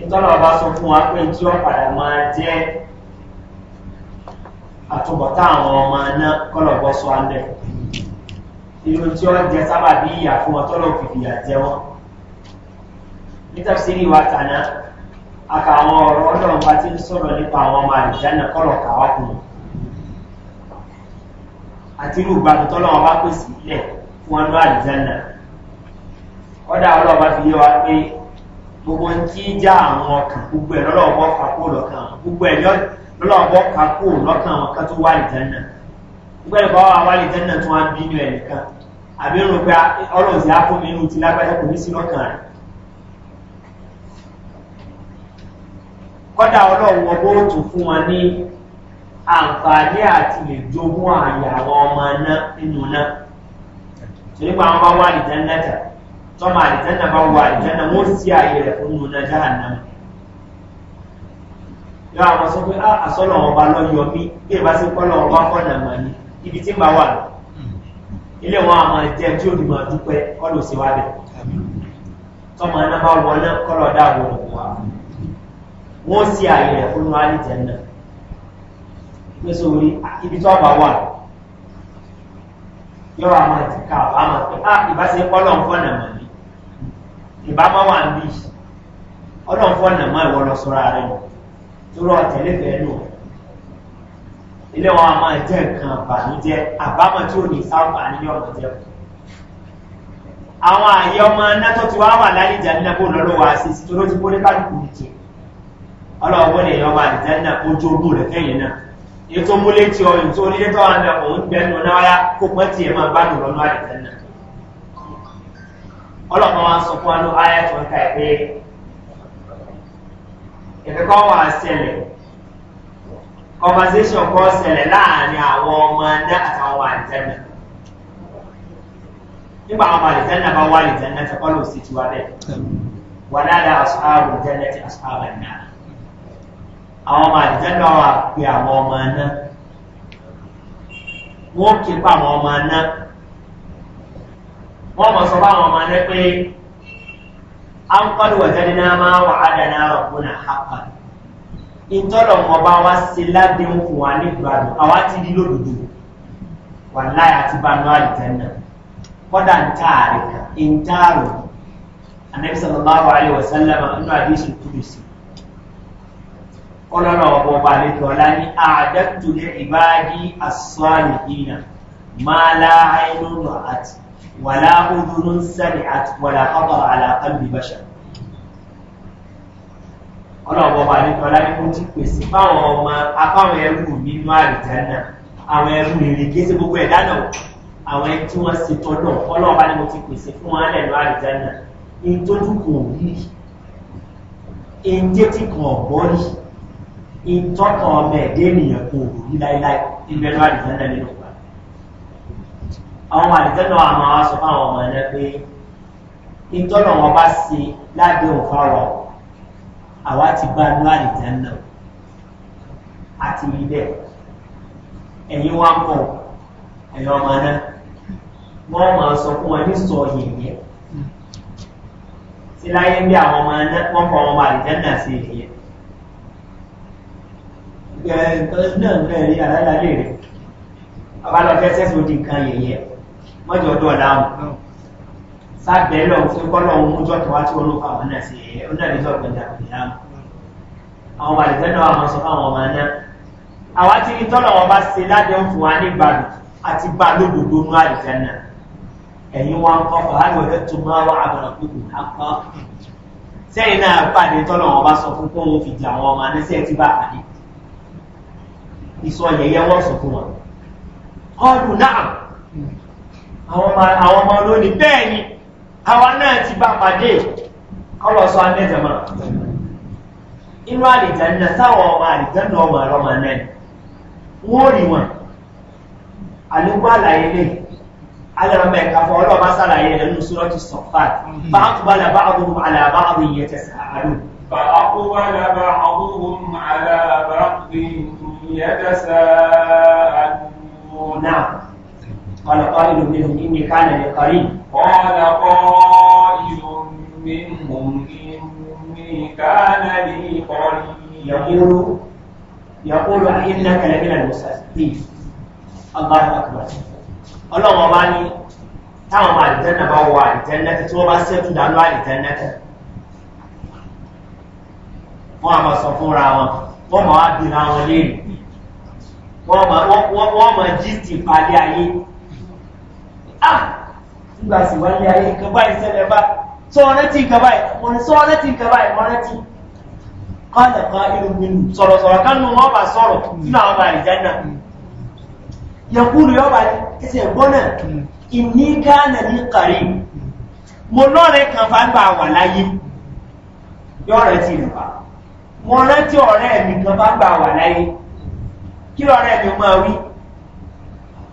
ìtọ́nà ọba sọ fún wa pé tí ó padà máa jẹ́ àtúbọ̀tá àwọn ọmọ aná kọ́lọ̀bọ́ sọ andẹ̀ irú tí ó jẹ sábà bí ìyà fún wọn tọ́lọ̀ òfìfì ìyà jẹ wọn nítorí sí ìwà tàná a àwọn ọ̀rọ̀ ọlọ́run bá ti ń sọ̀rọ̀ nípa àwọn ọmọ àdìjánà kọ́lọ̀ kàwá àti irú ìgbàdùn tọ́lọ́run bá pèsè ilẹ̀ wọn lọ àdìsẹ́nà ọ̀dà ọlọ́ọ̀bá fi yé wa pé gbogbo ń tí já àwọn ọkàn gbogbo ẹ̀ lọ́lọ́ọ̀bọ́ kakó lọ́kàn gbogbo ẹ̀ lọ́lọ́ọ̀bọ́ kakó lọ́kàn wọn kan tó wà àdìsẹ́nà gbogbo ẹ̀ bá wà wà àdìsẹ́nà tó wọn bínú ẹ̀ nìkan àbí ń rò pé ọlọ́ọ̀sì á inú ti lágbájá kò ní sí lọ́kàn rẹ̀ kọ́dà ọlọ́wọ́ bó tù fún wọn ní àǹfààní àti lè jogún àyà àwọn ọmọ náà nínú náà torí pé àwọn bá wà àdìjẹ́ náà tọ́mọ àdìjẹ́ náà bá wà àdìjẹ́ náà wọ́n sí ààyè rẹ̀ fún nínú náà jáhà náà yọ àwọn sọ pé àsọ́lọ̀ ọba lọ́yọ̀ mí bí ìbá sí kọ́lọ̀ ọba kọ́nà mà ní ibi tí ń bá ilé wọn àmọ́ jẹ́ tí ò ní máa dúpẹ́ sí wa bẹ̀ tọ́mọ náà bá wọ náà kọ́lọ̀ dáàbò rẹ̀ wá wọ́n sí ààyè rẹ̀ fún nínú àdìjẹ́ náà ìgbésòrí ibi tó ọba wà yọ àwọn àti ká àbámọ̀ pé á ah, ìbáṣe ọlọ́run fọ́nà mọ̀ ní ìbámọ́ wà ń bí ọlọ́run fọ́nà mọ́ ìwọ lọ sọ́ra rẹ̀ tó rọ tẹ̀lé fẹ́ lò ilé wọn a máa jẹ́ nǹkan àbànújẹ́ àbámọ̀ tí ò ní sáfà ní ọ̀nà jẹ́ àwọn àyè ọmọ nátọ́ tí wàá wà láyé ìjà nínú kó lọ́lọ́ wá sí torí ó ti kó ní kálukú nìjẹ́ ọlọ́run bọ́lẹ̀ yọ ọba kó jó ogún rẹ̀ kẹ́yìn náà ètò múlé tí ọ ètò onílé tó wà ní ọ̀hún gbẹ́nu náírà kó pẹ́ tiẹ̀ máa gbádùn lọ́nà àìsàn náà ọlọ́pàá wa sọ fún wa ní ayé tó ń ka ẹ̀ pé ìkẹ́kọ̀ọ́ wà sẹlẹ̀ conversation kan sẹlẹ̀ láàrin àwọn ọmọ náà àtàwọn wà àìsàn nígbà àwọn àìsàn náà bá wà àìsàn náà tẹ́kọ́ lò sí tiwa bẹ́ẹ̀ wà dáadáa àṣọ àrùn jẹ́ lẹ́tì àṣọ àrùn náà àwọn ọmọ àdìjẹ́ńdà wà pé àwọn ọmọ ẹ̀ná wọ́n kí pa àwọn ọmọ ẹ̀ná wọ́n mọ̀ sọ fáwọn ọmọ ẹ̀ná pé a ń kọ́ lùwẹ̀ tẹ́lẹ̀ náà máa wà á dáná ọ̀gbọ́n náà hápà ìtọ́lọ̀ wọn bá wá sí ládéhùn fún wa nígbàdùn àwa ti rí lòdòdò wà láyà àti bánú àdìjẹ́ńdà kọ́dà ń táàrí ń táàrò anẹ́bísọ̀lọ́bá wa alẹ́ wọ̀ sálẹ́mà nínú àdéhùn kúrò sí i ọlọ́rọ̀ ọ̀bọ̀ ọba àlejò ọ̀la ní àádẹ́tù ní ìbáàdí àsọ́ọ̀lì ìnà máa láàáyé lónà àti wà láàbùdó ló ń sẹ́ni àti wàlà ọ̀bọ̀ àlàkàlù ìbáṣà. ọlọ́rọ̀ ọba àlejò ọ̀la ní kó ti pèsè fáwọn ọmọ apáwọn ẹrú nínú àrìjánà àwọn ẹrú ìrìn kí ṣe gbogbo ẹ̀dá náà àwọn ẹni tí ìtọ́kọ̀ ọmọ ẹ̀dẹ́ ènìyàn kò rò ní láíláí ìbẹ̀rù àdìjẹ́nà nínú ìgbà àwọn àdìjẹ́nà àmọ́ wa sọ fáwọn ọmọ ẹ̀dẹ́ pé ìtọ́nà wọn bá se lábẹ́ òfàrọ̀ àwa ti bá ní àdìjẹ́nà àti ilẹ̀ ẹ̀yìn wá pọ̀ ẹ̀yìn ọmọ náà wọ́n máa sọ fún wọn ní sọ yẹ̀yẹ́ sí láyé bí àwọn ọmọ náà wọ́n fọ ọmọ àdìjẹ́nà sí ìyẹn náà náà ní àdájáde rẹ̀ abálọ́fẹ́ sẹ́sì ó di nǹkan yẹ̀yẹ̀ mọ́jọ ọdún ọ̀la wọn sábẹ́ lọ fún kọ́lọ̀ ohun mújọ́ tó wá tí wọ́n ló fà wọ́n náà sí ẹ̀yẹ ó náà níjọ́ gbẹ̀dà kò yá mọ́ àwọn a náà wọ́n sọ fáwọn ọmọ náà àwa a ní tọ́lọ̀ wọn bá ṣe ládé ń fún wa ní ìbàdàn àti bá lódodo nú àlìfẹ́ náà ẹ̀yin wọn kọ́ fàálù ẹ̀ tó máa wà àbọ̀rọ̀ pípò akọ́ sẹ́yìn náà pàdé tọ́lọ̀ wọn bá sọ fún kóhun fìdí àwọn ọmọ náà sẹ́yìn ti bá pàdé ìsọ yẹ̀yẹ́ wọ́n sọ fún wọn ọdún náà àwọn ọmọ lónìí bẹ́ẹ̀ ni àwa náà ti bá pàdé kọ́lọ̀ sọ anẹ́jọ̀mọ́ inú àlìjẹ́ ní táwọn ọmọ àlìjẹ́ náà wọ̀ ọmọ náà wọ́n rí wọn àlùkò àlàyé lè alẹ́rọ̀mọ́ ẹ̀ka fún ọlọ́ọ̀bá sàlàyé ẹ̀lú sọ́rọ́tì sọ̀fàt bá a kú bá làbá àbúrò àlàbá àbúrò yẹn tẹ̀sán àlù. bá a kú bá làbá àbúrò àlàbá àbúrò يتساءلون نعم قال قائل منهم إني كان لقريب قال قائل منهم إني كان لي قريب يقول يقول إنك لمن المسلمين الله أكبر ọlọ́wọ́ bá ní táwọn ọmọ àlìjẹ́nà bá wọ àlìjẹ́nà tí wọ́n bá sẹ́tù dánú àlìjẹ́nà tẹ̀ wọ́n a máa sọ fúnra wọn wọ́n máa wá bí ra wọn léèrè wọ́n ma wọ́n ma jíìtì ìpàdé ayé ah nígbà sì wá ní ayé nǹkan báyìí sẹ́lẹ̀ bá sọ ọ́nẹ́tì nǹkan báyìí wọ́n sọ ọ́nẹ́tì nǹkan báyìí wọ́n rẹ́tì kọ́lẹ̀ kan inú gbinú sọ̀rọ̀sọ̀rọ̀ kánú wọn bá sọ̀rọ̀ nínú àwọn ọba àìjánà yẹkúrú yọba ẹsẹ̀ gbọ́nà ìní gánà ní kàrí mo lọ́rẹ̀ kan fà ń bá wà láyé yọ̀rẹ̀ tì rẹ̀ pa mo rántí ọ̀rẹ́ mi kan fà ń bá wà láyé kí lọ́rọ̀ ẹ̀mí máa wí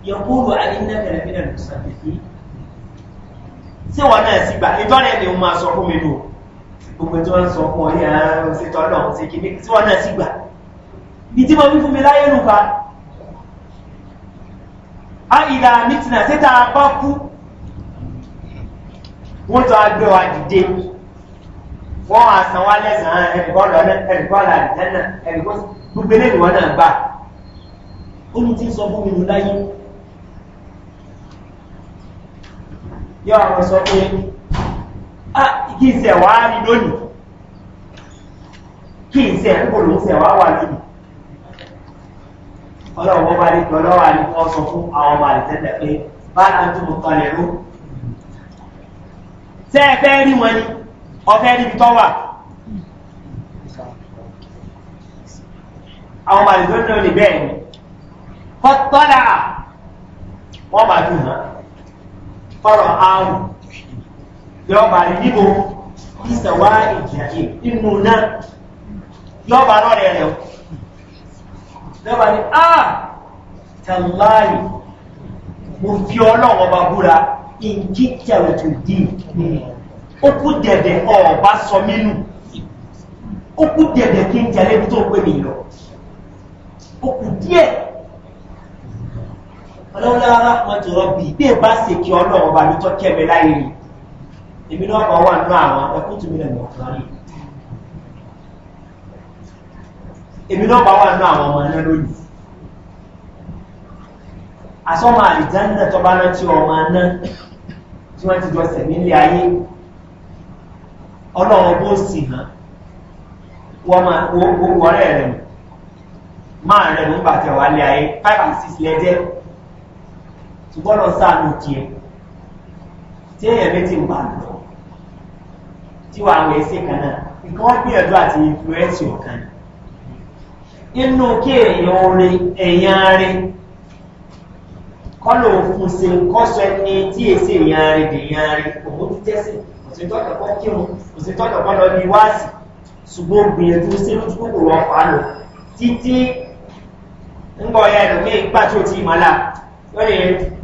yẹ̀kúrò àìyínákẹ̀rẹ̀ mí lẹ́nu sàbẹ̀fí sí wọn náà sí gbà ìtọ́rẹ̀ ẹ̀mí máa sọ fún mi lò gbogbo tí wọ́n sọ fún ọyẹ́ ààrùn ah, sí tọ́lọ̀ sí kìíní sí wọn náà sí gbà bí tí mo fi fún mi láyé nù pa á ìlà mítìnà síta bá kú wọ́n tó agbẹ́ wa dìde wọ́n àsanwálẹ̀ sàn án ẹnìkan lọ́nà ẹnìkan làdìtẹ́ náà ẹnìkan gbogbo eléyìí wọn náà gbà olú ti sọ fún mi ló láyé yọ àwọn sọ pé a ah, kì í sẹ̀ wá rí lónìí kì í sẹ̀ kò ló ń sẹ̀ wá wà lónìí ọlọ́run bọ́ bá ní pé ọlọ́run àní kọ́ sọ fún àwọn ọmọ àlìsẹ́lẹ̀ pé bá a tún mọ̀ kan lè rú ẹ fẹ́ rí wọn ni ọfẹ́ níbi tọ́ wà àwọn ọmọ àlìsẹ́lẹ̀ ní bẹ́ẹ̀ ni fọ́tọ́là wọ́n bá dùn hàn fọ́rọ̀ àrùn yọ bá rí níbo ìsẹ̀wá ìjìyàjì inú náà yọ bá rọ̀rẹ̀ rẹ̀ yọ bá ní ah! à mo fi ọlọ́wọ́ bá búra dì dẹ̀dẹ̀ sọ dẹ̀dẹ̀ ọlọ́wọ́lá arákùnrin rọ́bì bí ẹ bá ṣe kí ọlọ́run ọba mi tọ́ kẹ́mi láyé rí èmi náà bá wà nínú àwọn ẹkún tó mi lẹ̀ mọ̀ kan rí èmi náà àwọn ọmọ náà lónìí àsọ́mọ àlìjáńdà náà tí wọ́n ti jọ sẹ̀mí ilé ayé bó sì hàn wọ́n máa wọ́n rẹ̀ rẹ̀ máa rẹ̀ ṣùgbọ́n lọ sáànù tiẹ̀ tí èèyàn méjì ń bá lọ tí wàá wẹ̀ ṣe kan náà nǹkan wọ́n gbìyànjú àti ìfúrẹ́sì ọ̀kan inú kí èèyàn orin èèyàn rin kọ́lọ̀ òfin ṣe ń kọ́sọ ẹni tí èsì èèyàn rin dèèyàn rin òun ti jẹ́sí òṣètọ́jọ́ kọ́ kírun òṣètọ́jọ́ kọ́ lọ ní wáàsì ṣùgbọ́n gbìyànjú sí lójú kòkòrò ọ̀pá lò títí ń bọ̀ ya ẹ̀rọ ní ìgbà tí ì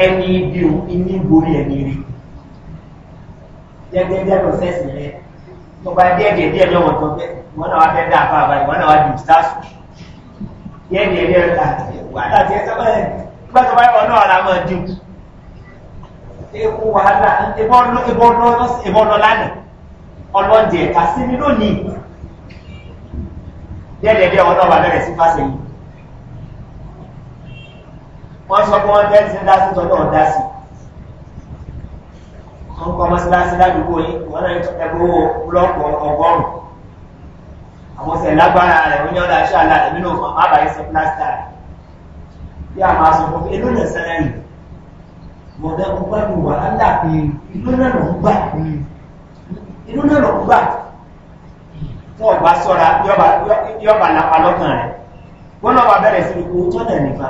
ẹni ibi o inú borí ẹni rí jẹgẹdẹ lọ sẹsì rẹ tó bá díẹdíẹ díẹ ní ọmọ tó fẹ wọn náà wá fẹ dá àpá àbáyé wọn náà wá di ìtàsù díẹdíẹ díẹ rẹ wàhálà tiẹ sábà yẹn nígbà tó bá yẹ wọn náà la máa dín ewu wàhálà ìbọn lọ ìbọn lọ lánàá ọlọ́dẹ kàsí mi lónìí díẹdíẹ díẹ wọn náà wà bẹ̀rẹ̀ sí fásẹ̀yìn wọ́n sọ pé wọ́n jẹ́ ti ń dá sí tọ́jú ọ̀dá sí wọ́n kọ́ mọ́síláṣí ládùúgbò yìí wọ́n náà ti tẹ́gbó búlọ́ọ̀kù ọgọ́rùn-ún àwọn ọ̀sẹ̀ lágbára rẹ̀ wọ́n yọ̀ láṣọ àlá rẹ̀ nínú ọ̀fọ̀ má bàa ṣe plásítà rẹ̀ bí a máa sọ fún mi elóyè sẹ́rẹ̀ rẹ̀ mọ̀dẹ́ ń gbá mi wà á dàbí ìlú náà ló ń gbà ìlú náà ló ń gbà tó ọ̀gbà sọ̀ra yọ̀bà lápá lọ́kàn rẹ̀ wọ́n náà wà bẹ̀rẹ̀ sí ikú tó nà nípa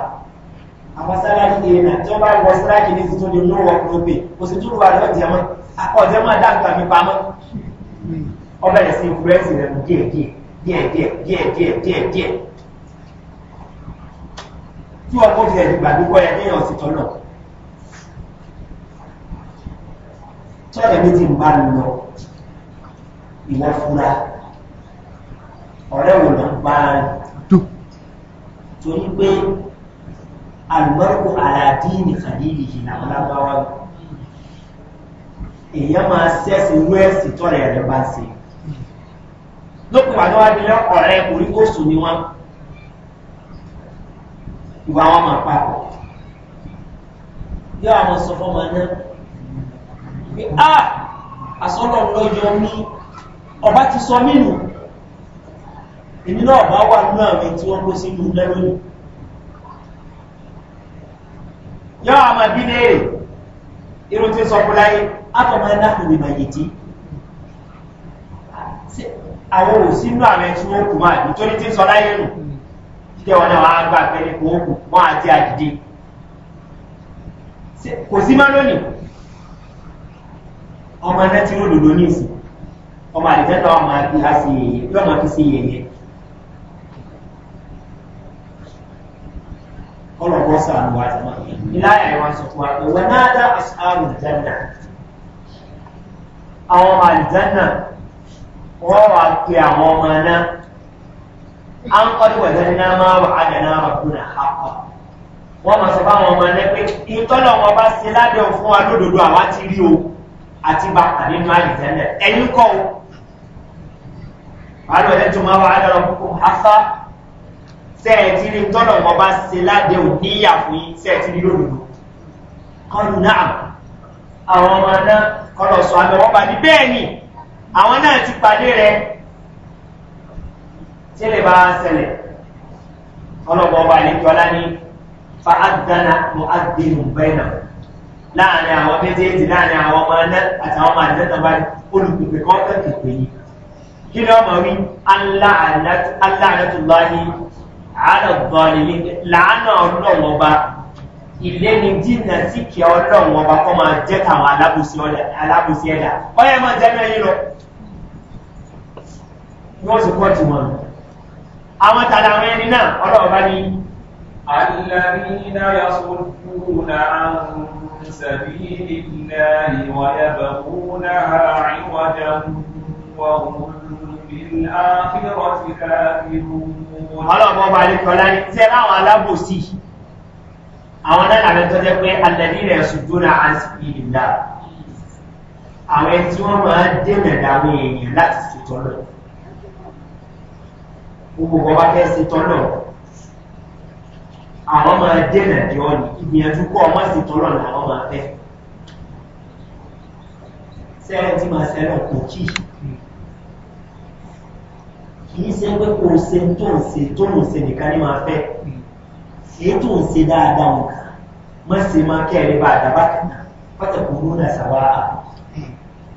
àwọn sáláàkì èèyàn tí wọ́n bá wọ sáláàkì ní títún ní olówó ọkùnrin pé kò sí túrú àlọ́ jẹmọ́ ọjọ́ máa dá nǹkan mi pamọ́ ọbẹ̀ rẹ̀ sí ìfúrẹ́sì rẹ̀ díẹ̀díẹ̀ díẹ̀díẹ̀ díẹ̀díẹ̀ díẹ̀díẹ̀ tí wọ́n kó tilẹ̀ nígbà gbogbo ẹ̀ ní ọ̀sìn tọ́ náà tọ́lẹ̀ méjì ń bá lọ ìwọ fúra ọ̀rẹ́ wò lọ gbára torí pé almarku aladini khalilihi làwọn lábáwá lọ èèyàn máa sẹ́sì wẹ́ẹ̀sì tọ́lẹ̀ ẹ̀rẹ́ bá ṣe lókùn wà lọ́wọ́ abilẹ̀ ọ̀rẹ́ oríkóṣù ni wọ́n ìwà wọn máa papọ̀ yóò àwọn sọ fọmọ náà pé a àsọ́lọ̀ lọ́jọ́ ní ọba ti sọ mí nù èmi náà bá wà nínú àwọn tí wọ́n kó sínú lẹ́lónìí yọ́wọ́ àmọ́ bí léèrè irun tí sọ fún láyé átọ̀mọ́ ẹ̀ náà lè máa yètí àwọn ò sínú àwọn ẹtí wọn kù máa nítorí tí sọ láyé nù jíjẹ wọn náà wàá gbà pé kò kù wọn àti àdìde kò sí má lónìí ọmọ náà ti rò lòdò ní ìsìn ọmọ àdìjẹ́ náà máa fi sí yẹ̀yẹ́ kọ́lọ̀ kọ́ sàánú wa jama iláyà ìwà sọ fún wa pé wọn náà dá asáàrù jẹ́nà àwọn ọmọ àlìjẹ́nà wọ́n wà pé àwọn ọmọ náà an kọ́lù wẹ̀dẹ́ náà máa wà á yẹn náà wà kúnà hápà wọ́n mọ̀ sí fáwọn ọmọ náà pé ìtọ́lọ̀ wọn bá sí lábẹ́ òfin wa àwa ti rí o àti bàtà nínú àlìjẹ́nà ẹ̀yìn kọ́ o wàá lọ ẹ̀ tó máa wà á yẹn náà wà kúnà hápà sẹ́ẹ̀tì rí tọ́nà wọn bá se láde ò níyà fún yí sẹ́ẹ̀tì rí lónìí kọlù náà àwọn ọmọ náà kọlọ sọ àmì wọn bá ní bẹ́ẹ̀ ni àwọn náà ti pàdé rẹ tí lè bá sẹlẹ̀ ọlọ́gbọ̀n ọba àlejò ní fa àdánà mọ àdéhùn bẹ́ẹ̀nà láàrin àwọn méjèèjì láàrin àwọn ọmọ náà àti àwọn ọmọ àdéhùn náà bá olùpèpè kan kẹ́kẹ̀ẹ́ yìí kí ni ọmọ wí aláàdàtúláyé àárọ̀ gan ni làánà ọlọ́run ọba ilé ni jìnnà sí kí ọlọ́run ọba kọ́ máa jẹ́ káwọn alábùsí ẹ̀dá ọyẹ́ máa jẹ́ mẹ́rin lọ wọ́n sì kọ́ ti wọn àwọn tàdà àwọn ẹni náà ọlọ́run bá ní. الذين يصدون عن سبيل الله ويبغونها عوجا وهم بالآخرة كافرون ọlọ́pọ̀ bá lè kọ́lá ní tí láwọn alábòsí àwọn náà làbẹ́ tó jẹ́ pé alẹ́lí rẹ̀ ṣùgbọ́nà àti ìlà àwọn tí wọ́n máa dènà dáwọn èèyàn láti ṣètò lọ gbogbo ọba fẹ́ ṣètò lọ àwọn máa dènà dí ọ ní ìgbìyànjú kọ́ ọmọ ṣètò lọ làwọn kì í ṣe pé kò ṣe tó ń ṣe tó ń ṣe nìkan ní máa fẹ́ ṣe tó ń ṣe dáadáa nǹkan má ṣe máa kẹ́rẹ́ bá àdábà kan náà pàtàkì òun náà ṣàwá àbò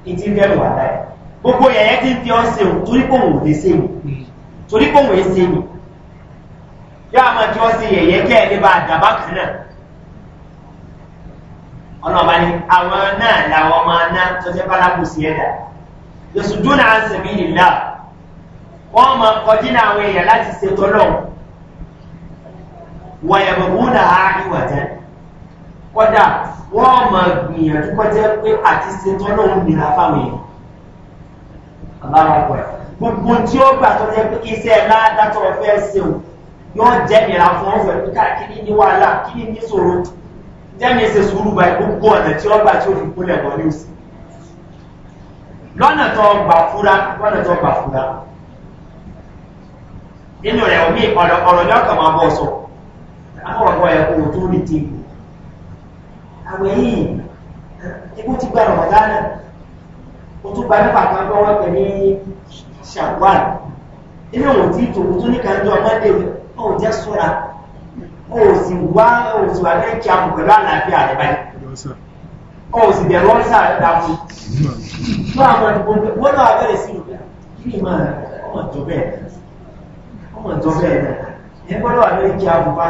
ìtì fẹ́ràn wà láyé gbogbo yẹ̀yẹ́ tí ń fi ọ́ ṣe òun torí pé òun ò lè ṣe mi torí pé òun è ṣe mi yóò máa fi ọ́ ṣe yẹ̀yẹ́ kẹ́rẹ́ bá àdábà kan náà ọlọ́ba ni àwọn náà làwọn máa ná tọ́jú wọ́n máa kọjú ní àwọn èèyàn láti ṣètò lọ́wọ́ wọ̀nyẹ̀bọ̀ wúdà á ìwà jẹ́ kọ́dà wọ́n máa gbìyànjú kọjá pé àti ṣètò lọ́wọ́ nira fáwọn èèyàn alárakọ̀ ẹ̀ gbogbo tí ó gbà tó pé iṣẹ́ ládàtọ̀ fẹ́ ṣeun yóò jẹ́ nira fún ọ̀fẹ́ kíkà kí ni ní wàhálà kí ni ní ṣòro jẹ́mi ṣe sùúrù báyìí gbogbo ọ̀nà tí ó gbà tí ó fi kúlẹ̀ bọ́ òsì lọ́nà tó gbà fúra lọ́nà tó gbà fúra nínú rẹ̀ omi ìpadà ọ̀rọ̀ lọ́kàn máa bọ̀ sọ akọ̀rọ̀gbọ̀ ẹ̀ kò tó lè ti gbò àwọn èyí ikú ti gba rọ̀mọ̀dánà o tún gba nípa kan gbọ́ wọ́n pẹ̀ ní ṣàwọ́n inú òun tí tòun tún ní kanjọ́ mọ́dé ò jẹ́ sọ́ra ó sì wá ó sì wà ní kí a mọ̀ pẹ̀lú àlàáfíà rẹ̀ báyìí ó sì bẹ̀rù ọ́n sáà dáàbò tó àwọn ìgbòho wọ́n náà mọ̀ tó fẹ́ rẹ̀ ní gbọ́dọ̀ wà lórí kí bá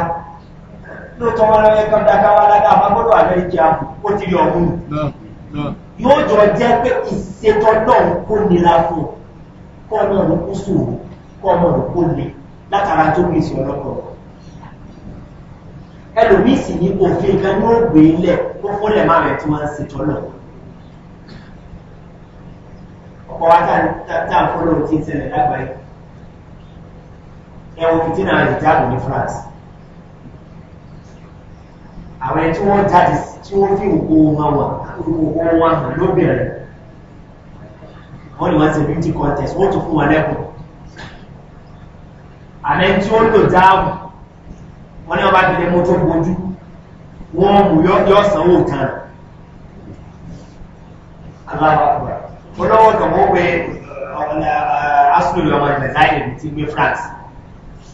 lóòótọ́ wọn lọ́wọ́ ẹ̀kọ́ dáká wá lága àbá gbọ́dọ̀ wà lórí kí ó ti rí ọ̀hún yóò jọ jẹ́ pé ìṣètọ́ náà kó nira fún un kọ́ ọmọ rẹ̀ kó sòrò kọ́ ọmọ rẹ̀ kó le látara tó gbèsè ọlọ́kọ̀ ẹlòmíì sì ní òfin kan ní ó gbé lẹ̀ kó fọ́lẹ̀ má rẹ̀ tí wọ́n ń ṣètọ́ náà ọ̀pọ̀ wa tá fọ́lọ́ ti ń ṣẹlẹ̀ lágbàáyé ẹ̀wọ̀n fìtínà ìjáàbù ní france àwọn ẹni tí wọ́n jáde tí wọ́n fi òkú wọn wà òkú wọn hàn lóbìnrin wọ́n ni wọ́n ti beauty contest wọ́n tún fún wọn lẹ́kùn àmẹ́ tí ó lò jáàbù wọ́n ní wọ́n bá gbẹ̀lẹ̀ mú tó gbojú wọ́n mú yọ́ sanwó kan aláwọ̀ ọlọ́wọ́ kan wọ́n pẹ́ asúlùmọ̀ ìgbẹ̀láyè ti gbé france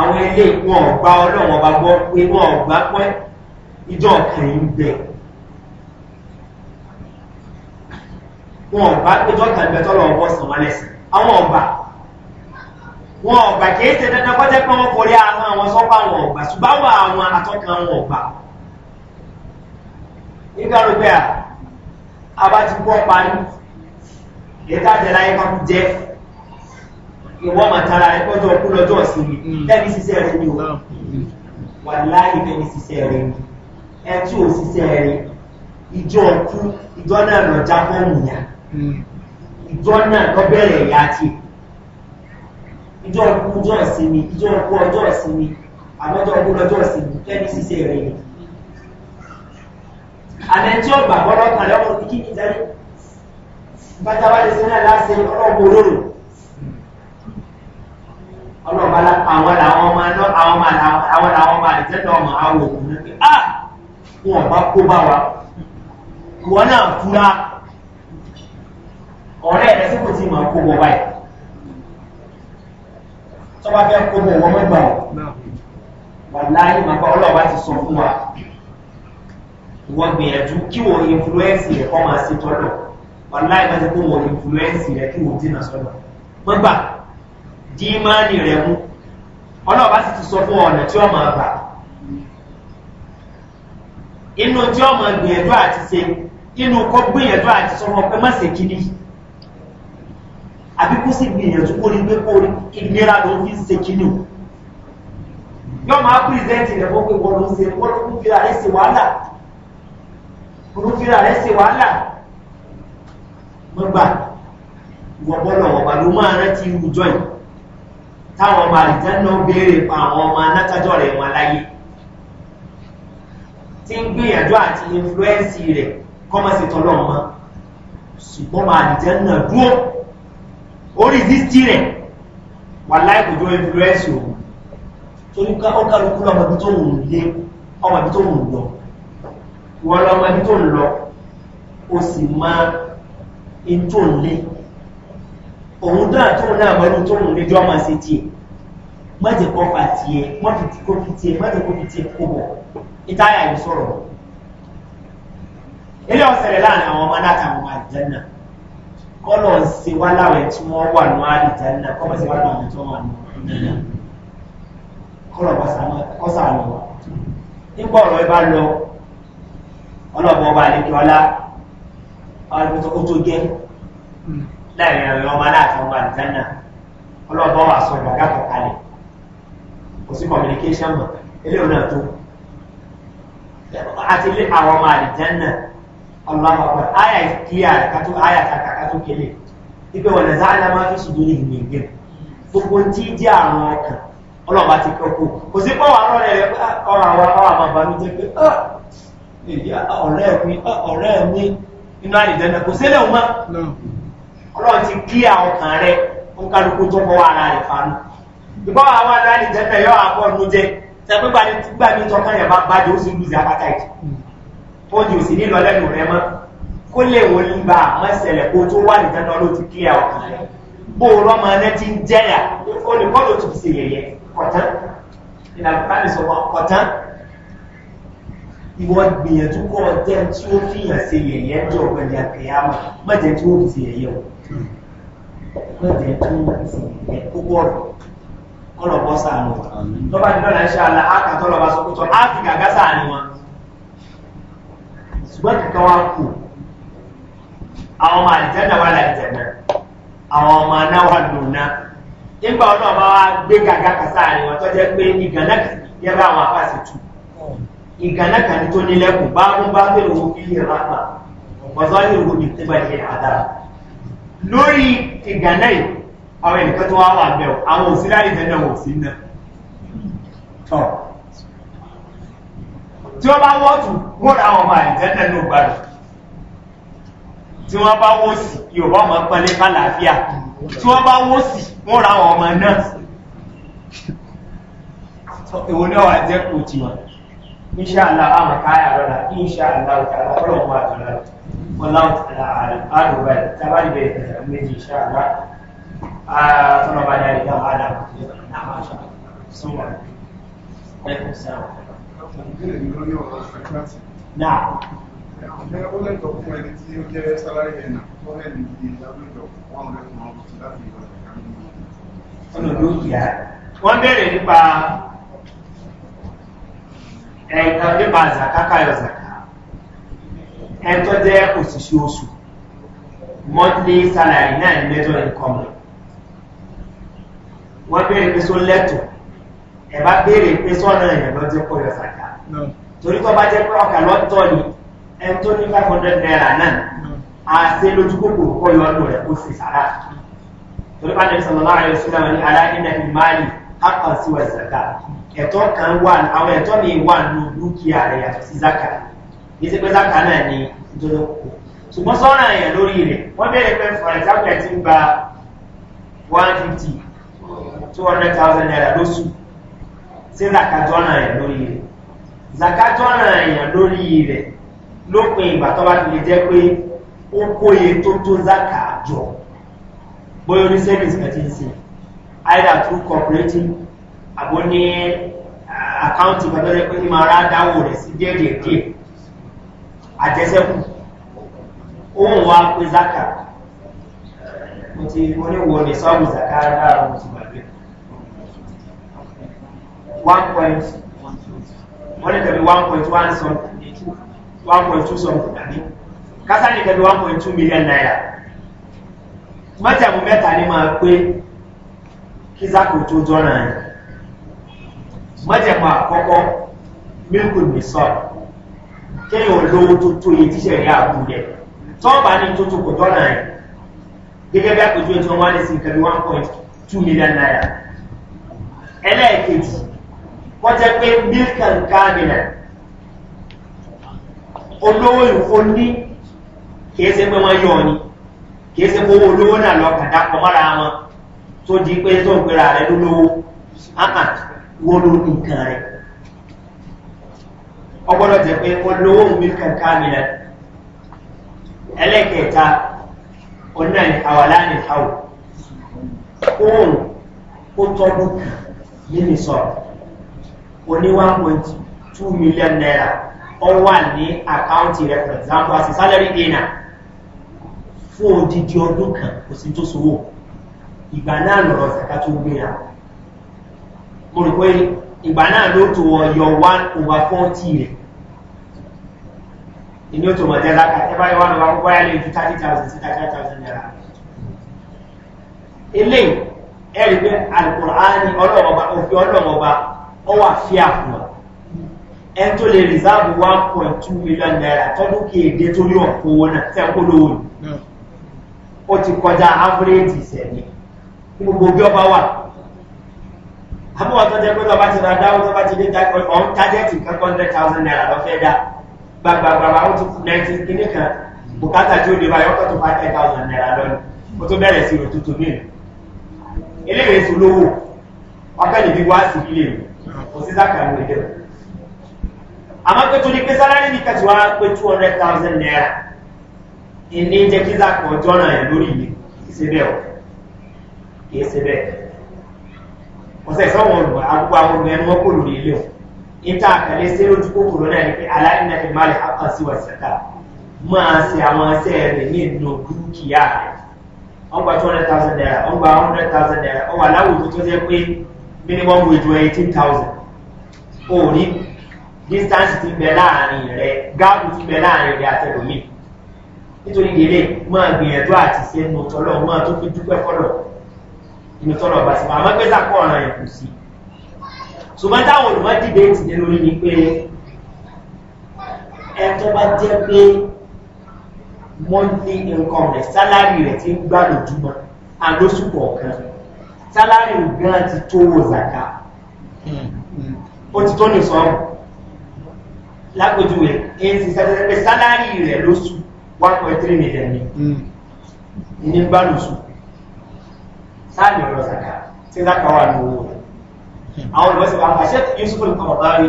àwọn ilé wọn ọ̀gbá ọlọ́run ọba gbọ́ pé wọn ọ̀gbá pẹ́ ìjọ ọ̀kàn ń bẹ̀. wọn ọ̀gbá péjọ ọ̀kàn tọ́lọ̀ ọ̀bọ̀ sàn wọn lẹ́sìn àwọn ọ̀gbà wọn ọ̀gbà kìí ṣe dandan kọ́jẹ́ pé wọ́n kọrí ahọ́n àwọn sọ́pà wọn ọ̀gbà ṣùgbọ́n wà àwọn atọ́kàn wọn ọ̀gbà. nígbà rúbẹ́ à abá ti gbọ́ parí ètò àjẹláyé kan jẹ́ fún ìwọ́ màtara rẹ̀ kọjọ́ kú lọ́jọ́ ìsinmi lẹ́ni mm. ṣiṣẹ́ rẹ̀ ni o wà láàyè lẹ́ni rẹ̀ ni ẹ tí ò ṣiṣẹ́ rẹ̀ ìjọ kú ìjọ náà lọ já fún ènìyàn mm. ìjọ náà lọ bẹ̀rẹ̀ ìyá àti ìjọ kú ọjọ́ ìsinmi ìjọ kú ọjọ́ ìsinmi àbọ̀jọ́ kú lọ́jọ́ ìsinmi lẹ́ni ṣiṣẹ́ rẹ̀ ni. àmẹ́ tí ó gbàgbọ́ lọ́kàn lọ́kàn kí ni ìjẹ́rìí bàtà wà lè ọlọ́ọ̀bá àwọn làwọn ọmọ náà àwọn làwọn ọmọ àdìjẹ́tọ̀ ọmọ àwọn òkú náà pé á ah! wọn bá kó bá wa ìwọ náà fura ọ̀rẹ́ rẹ sí kò tí máa kó bọ̀ báyìí tọ́ba fẹ́ kó bọ̀ wọ́n mẹ́gbà ọ̀ wà láyé máa bá ọlọ́ọ̀bá ti sọ fún wa ìwọ gbìyànjú kí wọ́n influence rẹ̀ kọ́ máa ṣe tọ́lọ̀ wà láyé máa ti kó wọ́n influence rẹ̀ kí wọ́n dínà sọ́lọ̀ mẹ́gbà dí mọ́ni rẹ̀ mú ọlọ́ọ̀bá sì ti sọ fún ọ̀nà tí ọmọ gbà inú tí ọmọ gbìyànjú àti ṣe inú kọ́ gbìyànjú àti sọ fún ọpẹ mọ́sẹ̀ kìíní àbí kó sì gbìyànjú kó rí pé kó rí ìnira ló fi ń ṣe kìíní o yóò máa pírẹsẹ̀ntì rẹ̀ fún pé wọ́n ló ń ṣe wọ́n ló ń fi ààrẹ ṣe wàhálà wọ́n ló ń fi ààrẹ ṣe wàhálà mọ́gbà ìwọ̀bọ́lọ̀ ọ̀bà ló máa rántí ìrùjọ́ yìí táwọn ọmọ àjẹ́nà béèrè pa àwọn ọmọ anákájọ́ rẹ̀ wọn láyé tí ń gbìyànjú àti influence rẹ̀ kọ́mọ̀sí tọ́lọ̀ mọ́ ṣùgbọ́n ọmọ àjẹ́nà dúó orí ìdíjí rẹ̀ wà láìpòjó influence òun torí ó kálukú lọ́mọdé tó ń lé ọmọdé tó ń lọ wọ́n lọ́mọdé tó ń lọ ó sì máa ń tó ń lé òun dáa tó náà mọ́lú tó ń lejọ́ máa ṣe tiẹ̀ má jẹ́ kó fa tiẹ̀ má fi kó fi tiẹ̀ má jẹ́ kó fi tiẹ̀ kó bọ̀ ìtayà yìí sọ̀rọ̀ ilé ọ̀sẹ̀rẹ̀ láàrin àwọn ọmọ láti àwọn àjẹ́nà kọ́lọ̀ ń se wá láwẹ̀ tí wọ́n wà ní àjẹ́nà kọ́mọ̀ sí wá láwọn tí wọ́n wà ní àjẹ́nà kọ́lọ̀ kọ́sàánù wa nígbà ọ̀rọ̀ ẹ bá lọ ọlọ́bọ̀ ọba àlejò ọlá ọlọ́bọ̀ tó gẹ́ láàrin àwọn ọmọ aláàfin ọba àdìjánà ọlọ́ọ̀bọ wà sọ ìgbàgàtọ̀ kalẹ̀ kò sí communication mọ̀ eléyìí náà tó àti lé àwọn ọmọ àdìjánà ọlọ́ọ̀bọ ọba àyà kíyà kátó àyà kàkà kátó kélé ipe wọn nàzá àlámà fi sùn lórí ìgbìyànjú gbogbo tí ń jẹ́ àrùn ọkàn ọlọ́ọ̀bá ti kọ́ kó kò sí pọ́wọ́ àrùn rẹ̀ ọ̀rọ̀ àwọn ah, àbàbà ló jẹ́ pé ah, ọ̀rẹ́ mi ọ̀rẹ́ mi inú àdìjánà kò sílẹ̀ wọn ọlọ́run ti kí àwọn kan rẹ ń kálukú tó kọ́ ara rẹ̀ fanú ìbá wa wá dá ní jẹ́fẹ̀ yọ àbọ̀ ló jẹ́ tẹ́pẹ́ gbani gbà mí tọ́kàn yẹn bá bàjẹ́ ó sì lùzì apátáìtì ó di òsì nílọ lẹ́nu rẹ mọ́ kó lè wò ní bá àmọ́ ìṣẹ̀lẹ̀ kó tó wà ní dandan ìwọ gbìyànjú kọ́ jẹ́ tí ó fìyàn se yẹ̀yẹ́ jọ ọ̀gbẹ̀lẹ̀ àkẹyàmà mọ́jẹ̀ tí ó fi se yẹ̀yẹ́ o mọ́jẹ̀ tí ó fi se yẹ̀yẹ́ kókó ọ̀rọ̀ kọ́lọ̀ bọ́ sáànù wa lọ́ba ní lọ́la ṣe àlà ákàtọ́lọ́ bá sọ́kútọ́ áàfì gàgá sáànù wa ṣùgbọ́n kíkọ́ wa kù àwọn ọmọ àdìjẹ́nà wà láìjẹ̀nà àwọn ọmọ anáwà lòna nígbà ọlọ́ọ̀bá wa gbé gàgá kàsáànù wa tọ́jẹ́ pé ìgànnà yẹ bá àwọn afáṣetù ìgànnà kan tó nílẹ̀kùn bá mú bá bẹ̀rẹ̀ owó fi lè rápa wọ́n yóò wo bí tíba ṣe àdá lórí ìgànnà yìí àwọn ẹnìkan tó wá wà bẹ̀ àwọn òsì láì tẹ́lẹ̀ wọ̀ sí náà tọ̀ tí wọ́n bá wọ́tù wọ́n ra àwọn ọmọ àìjẹ́tẹ̀ ní ògbàdùn tí wọ́n bá wó sí yorùbá ọmọ pẹlẹ kálàáfíà tí wọ́n bá wó sí wọ́n ra àwọn ọmọ náà èwo ni ọ̀wà jẹ́ kò tiwọn inshallah a mọ̀ káyà lọ́la inshallah tààlà ọlọ́run wà tọ́lá ọláwọ̀ tààlà àdùbà tábàlì bẹ̀rẹ̀ tẹ̀lẹ̀ méjì inshallah a tọ́nà bá dáa ìgbà wà dà súnmọ́ ẹkùn sáà. náà. ọ̀gbẹ́ ó lẹ́tọ̀ọ́ fún ẹni tí ó jẹ́ sálárì ẹ̀ náà ó lẹ́ni di lábẹ́jọ wọn rẹ̀ fún ọmọ tuntun láti ìgbà wọ́n bẹ̀rẹ̀ nípa ẹ̀ka nípa àzàká káyọ̀ zàká ẹ̀tọ́ jẹ́ òṣìṣẹ́ oṣù monthly salary náà ní mẹ́tọ́ income wọ́n béèrè pé só lẹ́tọ̀ ẹ̀ bá béèrè pé sọ́nà èèyàn lọ jẹ́ kọ́yọ̀ zàká torí tó bá jẹ́ pé ọkà lọ́tọ̀ ni ẹ̀ tó ní five hundred naira náà a ṣe lójú kòkòrò kọ́yọ̀ ọdún rẹ̀ kó sì sára torí bá ní sọ̀rọ̀ láàrin oṣù náà ní aláìní náà ní máàlì á kàn sí ẹ̀tọ́ kan wà àwọn ẹ̀tọ́ mi wà ní dúkìá rẹ̀ yàtọ̀ sí zaka yìí sí pé zaka náà ni ìjọba kò ṣùgbọ́n sọ́nà èèyàn lórí rẹ̀ wọ́n bẹ̀rẹ̀ pé for example ẹ̀ ti ń gba one fifty two hundred thousand naira lóṣù sí zaka jọ́nà ẹ̀ lórí rẹ̀ zaka jọ́nà èèyàn lórí rẹ̀ lópin ìgbà tó bá fi lè jẹ́ pé ó kó iye tó tó zaka jọ bóyá oní service kan ti ń sìn either through cooperative àbó ní àkáǹtì bàbá rẹ pé ìmọ̀ ara dáwò rẹ̀ sí díẹ̀díẹ̀ díẹ̀ àjẹsẹ́kù òun wa pé zaka mo ti mo ní wo ní sọ́ọ̀bù zaka lára mo ti gbàgbé one point wọ́n lè tẹ̀lé one point one something one point two something àní kásá lè tẹ̀lé one point two million naira mọ́tẹ̀mú mẹ́ta ni máa pé kí zaka ò tó jọ́ra yẹn mọ́jẹ̀mọ́ àkọ́kọ́ mílíkù ní sọ́ọ̀ kéèyàn olówó tó tó iye tíṣẹ̀ rí àbú rẹ̀ tọ́ọ̀bà ní tó tó kò tọ́nà rẹ̀ gẹ́gẹ́ bí àpèjú ẹ̀ tí wọ́n wá ní sí nǹkan bí one point two million naira ẹlẹ́ẹ̀kejì kọjá pé mílíkà káàmìnà olówó ìfò ní kìí ṣe pé wọ́n yọ ni kìí ṣe pé owó olówó náà lọ kàdá pọ̀ mọ́ra wọn tó di pé tó ń pera rẹ̀ lólówó wọ́lú nǹkan rẹ̀ ọgbọ́dọ̀ jẹ́ pé wọ́n lówó mílíkà kámìlá ẹlẹ́kẹta ọ̀nà àwàlá ní àwò kóhùn kó tọ́dún nínú sọ̀rọ̀ oní 1.2 million naira ọ wà ní àkáǹtì rẹ̀ for example as a salary gainer fún odidi ọdún kan kò sí tó sówó ìgbà náà lọ̀rọ̀ ìsàkà gbéra mo rò pé ìgbà náà ló tó ọyọ one over forty rẹ̀ ìní òtò mọ̀ jẹ́lá ẹ bá yọ one over forty báyà lè ju thirty thousand sí thirty thousand ilé ẹ̀rí pé alukur'ani ọlọ́mọba òfin ọlọ́mọba ọ wà fíà fún ẹ tó lè rìsáàbù one million naira tọ́dún kí èdè tó ní ọ̀pọ̀ owó náà tẹ́ kó lówó ni ó ti kọjá áfúrẹ́ẹ̀tì ìsẹ̀mí gbogbo bí ọba wà àbúwọ̀ tó jẹ́ pé tó bá ti ra dáwọ́ tó bá ti dé ọ̀n tájẹ́tì kan hundred thousand naira lọ́fẹ́ dá gbàgbàgbà ó ti ninety kìíní kan bùkátà tí ó dé báyọ̀ kọ́ tó five ten thousand naira lọ́nà ó tó bẹ̀rẹ̀ sí ìrò tuntun mí eléyìí èso lówó ọkẹ́ níbi wá sí ilé kò sí sákàlù ìdẹ́ àmọ́ pé tó ní pé sálárì ní kẹtù wá pé two hundred thousand naira ìní jẹ́ kí sákò ọjọ́ náà lórí mi kì í kì í ṣe bẹ́ẹ̀ ọ̀sẹ̀ sọ́wọ́n olùwà àdúgbò àwọn olùwà ẹnu mọ́kò lórí ilé ọ̀ níta àkàlẹ́ sí lójú kòkòrò náà ni pé aláìnàfẹ́ máa lè hápà sí wàṣíkà máa ṣe àwọn ẹsẹ̀ rẹ̀ ní ìdùnnú dúkìá rẹ̀ wọ́n gba two hundred thousand naira wọ́n gba one hundred thousand naira wọ́n wà láwùjọ tó jẹ́ pé minimum wage wọ eighteen thousand o ní distance ti bẹ láàrin rẹ gáàpù ti bẹ láàrin rẹ àtẹlómi nítorí délé máa gbìyànjú àti ṣe nù tọ́lọ̀ máa tó fi dúpẹ́ fọ́lọ̀ ibi tọ́lọ̀ bá ti bá àmọ́ gbẹ́sà kọ́ ọ̀ràn ẹ̀ kù sí ṣùgbọ́n táwọn olùmọ́ dìde ti dé lórí ni pé ẹ bá jẹ́ pé monthly income rẹ̀ sálárì rẹ̀ ti ń gbà lójúmọ́ àlóṣù kọ̀ọ̀kan sálárì gan ti tó wò zàká ó ti tó nìsọ́rùn lápèjúwe èyí ti sẹ́sẹ́ pé sálárì rẹ̀ lóṣù one million hmm. ní gbà lóṣù sáàmì ọ̀rọ̀ sàkà tí dákà wà ní owó àwọn olùwẹ́sì àwọn àṣẹ yusuf kọ̀ọ̀bárì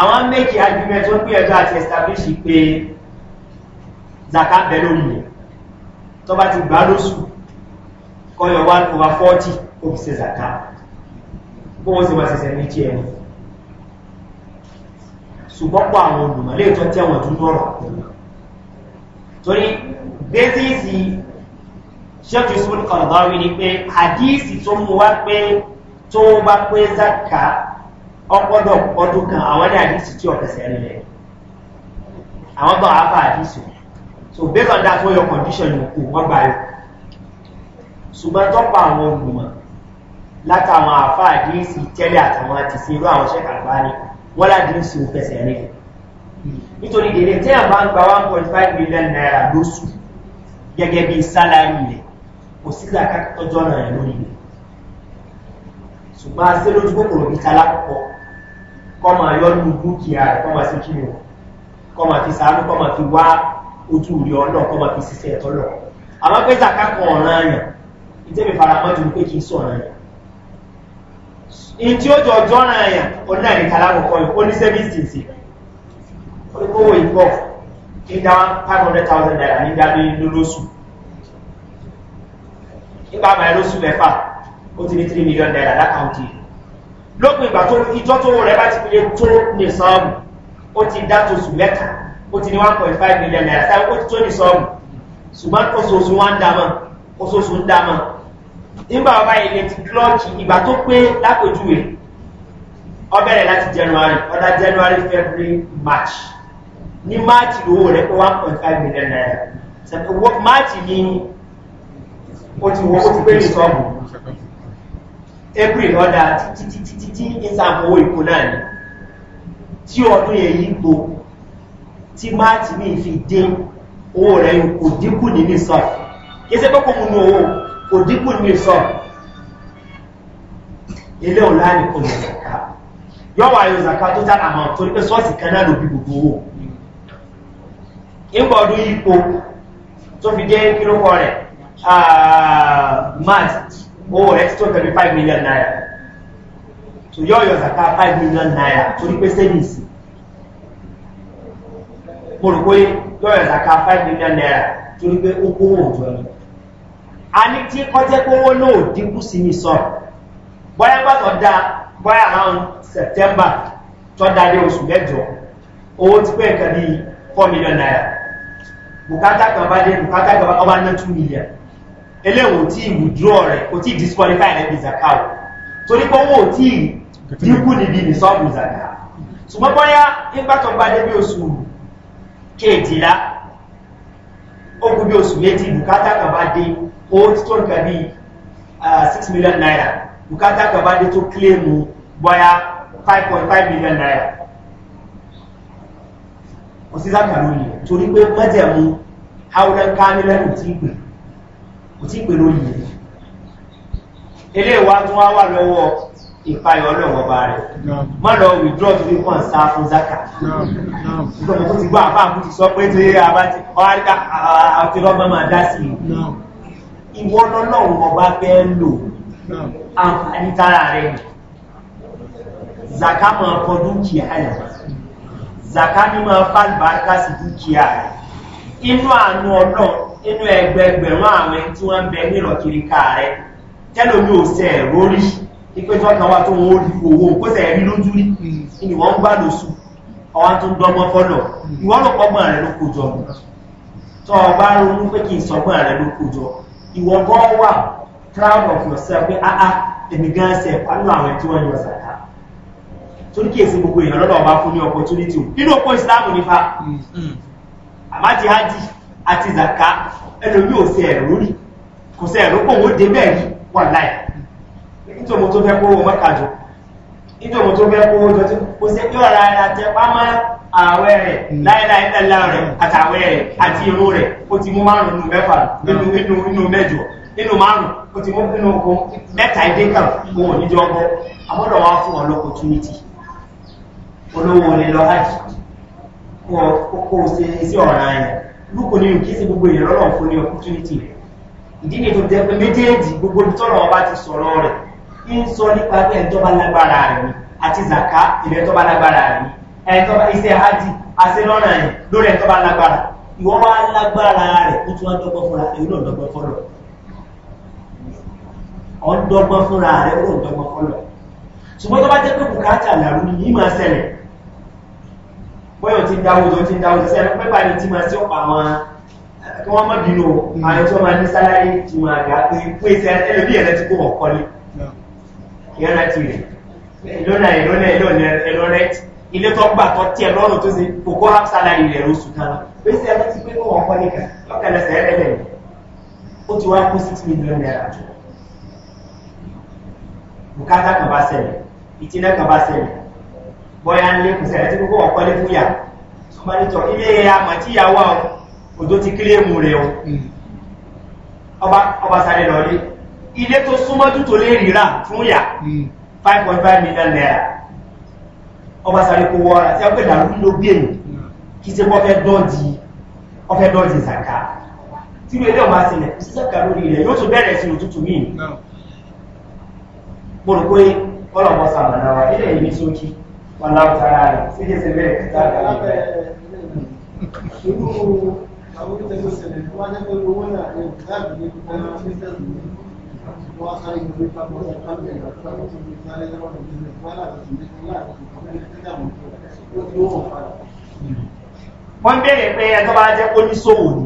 àwọn méjì agbègbè tó pè ẹjọ́ establish pé zaka bẹ lórí over 40 ó fi ṣe zaka bó wọ́n sì wá ṣẹ̀ṣẹ̀ ní tí ẹni ṣùgbọ́n pọ̀ àwọn olùmọ̀lẹ́ ìtọ́ tẹ́wọ̀n sheikh yusuf kọlọbọrin ni pé hadisi tó mú wá pé tó bá pé zaka ọpọdọ ọdún kan àwọn ní hadisi tí ọkẹsẹ nílẹ àwọn bá wà fà so based on that way your condition yòókù wọn gbà yó ṣùgbọ́n tó pa àwọn olùmọ̀ látàwọn àfa hadisi tẹ́lẹ̀ àtàwọn àti sí irú àwọn sheikh albani wọn ládìsí ọkẹsẹ nílẹ nítorí èdè tí a bá ń gba one point five million naira lóṣù gẹ́gẹ́ bí sálárì rẹ̀ kò sí ìdàkà tọ́jọ́ náà yẹn lórí rẹ̀ ṣùgbọ́n aṣẹ́ lójú kòkòrò ní ta lápapọ̀ kọ́ máa yọ nínú dúkìá rẹ̀ kọ́ máa ṣe kí wọn kọ́ máa fi sàánú kọ́ máa fi wá ojú rí ọlọ́ kọ́ máa fi ṣiṣẹ́ ẹ̀tọ́ lọ àmọ́ pé ìdàkà kan ọ̀ràn àyàn ìjẹ́bi faramọ́ ju pé kì í sọ̀ràn àyàn ìtí ó jọ ọjọ́ ọ̀ràn àyàn òun náà ní ta yìí ó ní sẹ́fíìsì sí ó ní kówó nígbà máa ló sùn mẹ́fà ó ti ní three million naira lákàntì lópin ìgbà tó ìjọ tó rẹ̀ bá ti fi lè tó ní sọ́ọ̀mù ó ti dá tó sùn mẹ́ta ó ti ní one point five million naira sáà ó ti tó ní sọ́ọ̀mù ṣùgbọ́n oṣooṣù wá ń dá mọ́ oṣooṣù ń dá mọ́ nígbà wọ́n báyìí lè ti klọ́ọ̀kì ìgbà tó pé lápèjúwe ọbẹ̀rẹ̀ láti january ọ̀dà january february march ní march lówó rẹ̀ pé one million naira ṣàpè march ní ó ti wọ́n ti pé ìsọ́bù april ọ̀dà títítítí ìsàmówó ìkó náà ni tí ọdún yẹn yí gbo tí máàtì ní ìfi dé owó rẹ̀ kò dínkù ní ní sọ́ọ̀ kìí ṣe pọ́pọ́ múnú owó kò dínkù ní sọ́ọ̀ ilé ọ̀la ni kò ní ìsàkà yọ́wà ayò ìsàkà tó tán àmọ́ torí pé sọ́ọ̀sì kan náà ló bí gbogbo owó ìgbọ̀ọ́dún yípo tó fi dé kílókọ rẹ̀ mat owó oh, extra thirty five million naira tó yọ ọ̀yọ̀ zaka five million naira torí pé savings mo rò pé yọ ọ̀yọ̀ zaka five million naira torí pé ó kówó òjò ẹ̀ a ní tí kọjẹ́ kówó náà dínkù sí ní sọ̀rọ̀ bọ́yá bá da bọ́yá around september tọ́ da dé oṣù mẹ́jọ owó ti pé nǹkan bíi four million naira bùkátà kan bá dé bùkátà kan bá wà ná two million eléwò tí ìwùdúrọ̀ rẹ̀ kò tí disqualify rẹ̀ bí zaka o torí pé owó tí dínkù níbi ìsọ́ọ̀bù zaka ṣùgbọ́n bọ́yá nígbà tó bá dé bí oṣù kéètìlá ó kú bí oṣù méjì bùkátà kan bá dé ó tó nǹkan bí six million naira Bukata kan bá dé tó kílèmù bọ́yá five point five million naira kò sí zaka lónìí torí pé mọ́jẹ̀mú haulan kamilan ò tí kò tí pèrò yìí eléwà tún wá wà lọ́wọ́ ìpayọ̀ ọlọ́wọ́ bá rẹ̀ mọ́ lọ withdraw to be one sá fún zaka nígbàmọ́ tó ti gbọ́ àbáàmù ti sọ pé tí a ti ọ̀háríkà àti lọ́gbọ́n máa dá sí ìwọ lọ́lọ́run ọba fẹ́ lò àǹfààní tára rẹ̀ zaka máa kọ dúkìá rẹ̀ zaka ní máa fà lùbáríkà sí dúkìá rẹ̀ inú àánú ọlọ́run nínú ẹgbẹgbẹ̀rún àwọn tí wọ́n ń bẹ nírọ̀ kiri ká rẹ̀ tẹ́lómi ò sẹ̀ rórí ìpéjọ́ kan wá tó wọn ó rí owó kó sẹ̀ rí lójú rí ni wọ́n ń gbà lóṣù ọwọ́n tó ń dọ́gbọ́n fọ́lọ̀ ìwọ́n ló pọ́gbọ́n rẹ̀ ló kó jọ tọ́ ọ bá ronú pé kí n sọgbọ́n rẹ̀ ló kó jọ ìwọ́n gan wà proud of yourself pé ah ah èmi gan ṣe pàlú àwọn tí wọ́n yọ sàkà torí kí èsì gbogbo èèyàn lọ́dọ̀ ọba fún ní opportunity nínú òpó ìsìláàmù nípa hmm. àmájíhájì àti zaka ẹlòmí ò sí ẹ̀rọ rí kò sí ẹ̀rọ dé bẹ́ẹ̀ rí wà láì nítorí tó fẹ́ mọ́kàjọ nítorí tó fẹ́ kówó jọ tí kò sí pé ọ̀rọ̀ ara ààwẹ̀ rẹ̀ láìláì ńlá rẹ̀ àtàwẹ̀ rẹ̀ àti irú rẹ̀ ti mú márùn nínú mẹ́fà nínú nínú mẹ́jọ nínú rúkò nínú kí sí gbogbo èèyàn lọ́wọ́ fún ní opportunity rẹ̀ ìdí ni tó jẹ́ pé méjèèjì gbogbo tọ́lọ̀ ọba ti sọ̀rọ̀ rẹ̀ ń sọ nípa pé ẹ̀ńtọ́ba lágbára rẹ̀ ni àti zaka ilẹ̀ ẹ̀ńtọ́ba lágbára rẹ̀ ni ẹ̀ńtọ́ba iṣẹ́ hajj aṣẹ́lọ́nà rẹ̀ lórí ẹ̀ńtọ́ba lágbára ìwọ́ wá lágbára rẹ̀ ó tún wá dọ́gbọ́n fúnra èyí náà dọ́gbọ́n fọ́lọ̀ ọ̀n fúnra rẹ̀ ó náà fọ́lọ̀ ṣùgbọ́n tó bá jẹ́ pé bùkátà làrú ni yìí máa ṣẹlẹ̀ bọ́yọ̀ tí ń dáwó jọ tí ń dáwó sí ẹ̀rọ pẹ́pà ní tí máa sí ọ̀pá wọn kí wọ́n mọ́ bínú hmm. àwọn tí wọ́n máa ní sáláyé tí wọ́n àgá pé pé ṣe ẹlòmí ẹ̀rẹ́ tí kò wọ́n kọ́lé ìyára ti rẹ̀ ìlọ́nà ìlọ́nà ìlọ́nà ẹlọ́rẹ́ ilé tó gbà tó tiẹ̀ lọ́rùn tó ṣe kókó half salary rẹ̀ oṣù kan lọ pé ṣe ẹlẹ́ ti pé kó wọ́n kọ́lé kan lọ́kànlẹ̀ sẹ́rẹ̀ lẹ̀ ó ti wá kó six million bọ́yá ń lé kùsẹ̀ ẹ̀ tí kókó wọ́n kọ́lé fún yà ṣùgbọ́n nítọ̀ ilé amọ̀ tí ìyá wà ọ́ òjò ti kílé mu rẹ̀ hmm. ọ́ ọba sáré lọ rí ilé tó súnmọ́ tó tó lé rírà fún yà hmm. five point five million naira ọba sáré kó wọ́ ọ́ra tí wọ́n pè dàrú ló bí èyí kí ṣe bọ́ fẹ́ dọ́ọ̀dì ọfẹ́ dọ́ọ̀dì zaka tí ilé ọba sílẹ̀ kò sí zaka lórí rẹ̀ yóò tún bẹ̀rẹ̀ sí òtútù míì hmm. mo rò pé ọlọ́mọ sàmàlà wọn láwọn tara rẹ̀ síkè sí bẹ́ẹ̀ kíkà kàlẹ́ bẹ́ẹ̀. irú àwọn oníṣègùn ṣẹlẹ̀ tí wọ́n á jẹ́ pé owó náà ní ìdáàbò ní ìgbà bísẹ̀sì wọ́n á sáré ìwé papọ̀ ní ìpàdé ìgbà tó ti sáré lọ́wọ́ ní bísẹ̀sì wọ́n á láti ṣe ní láti wọ́n bèèrè pé ẹ̀ tó bá jẹ́ oníṣòwò ni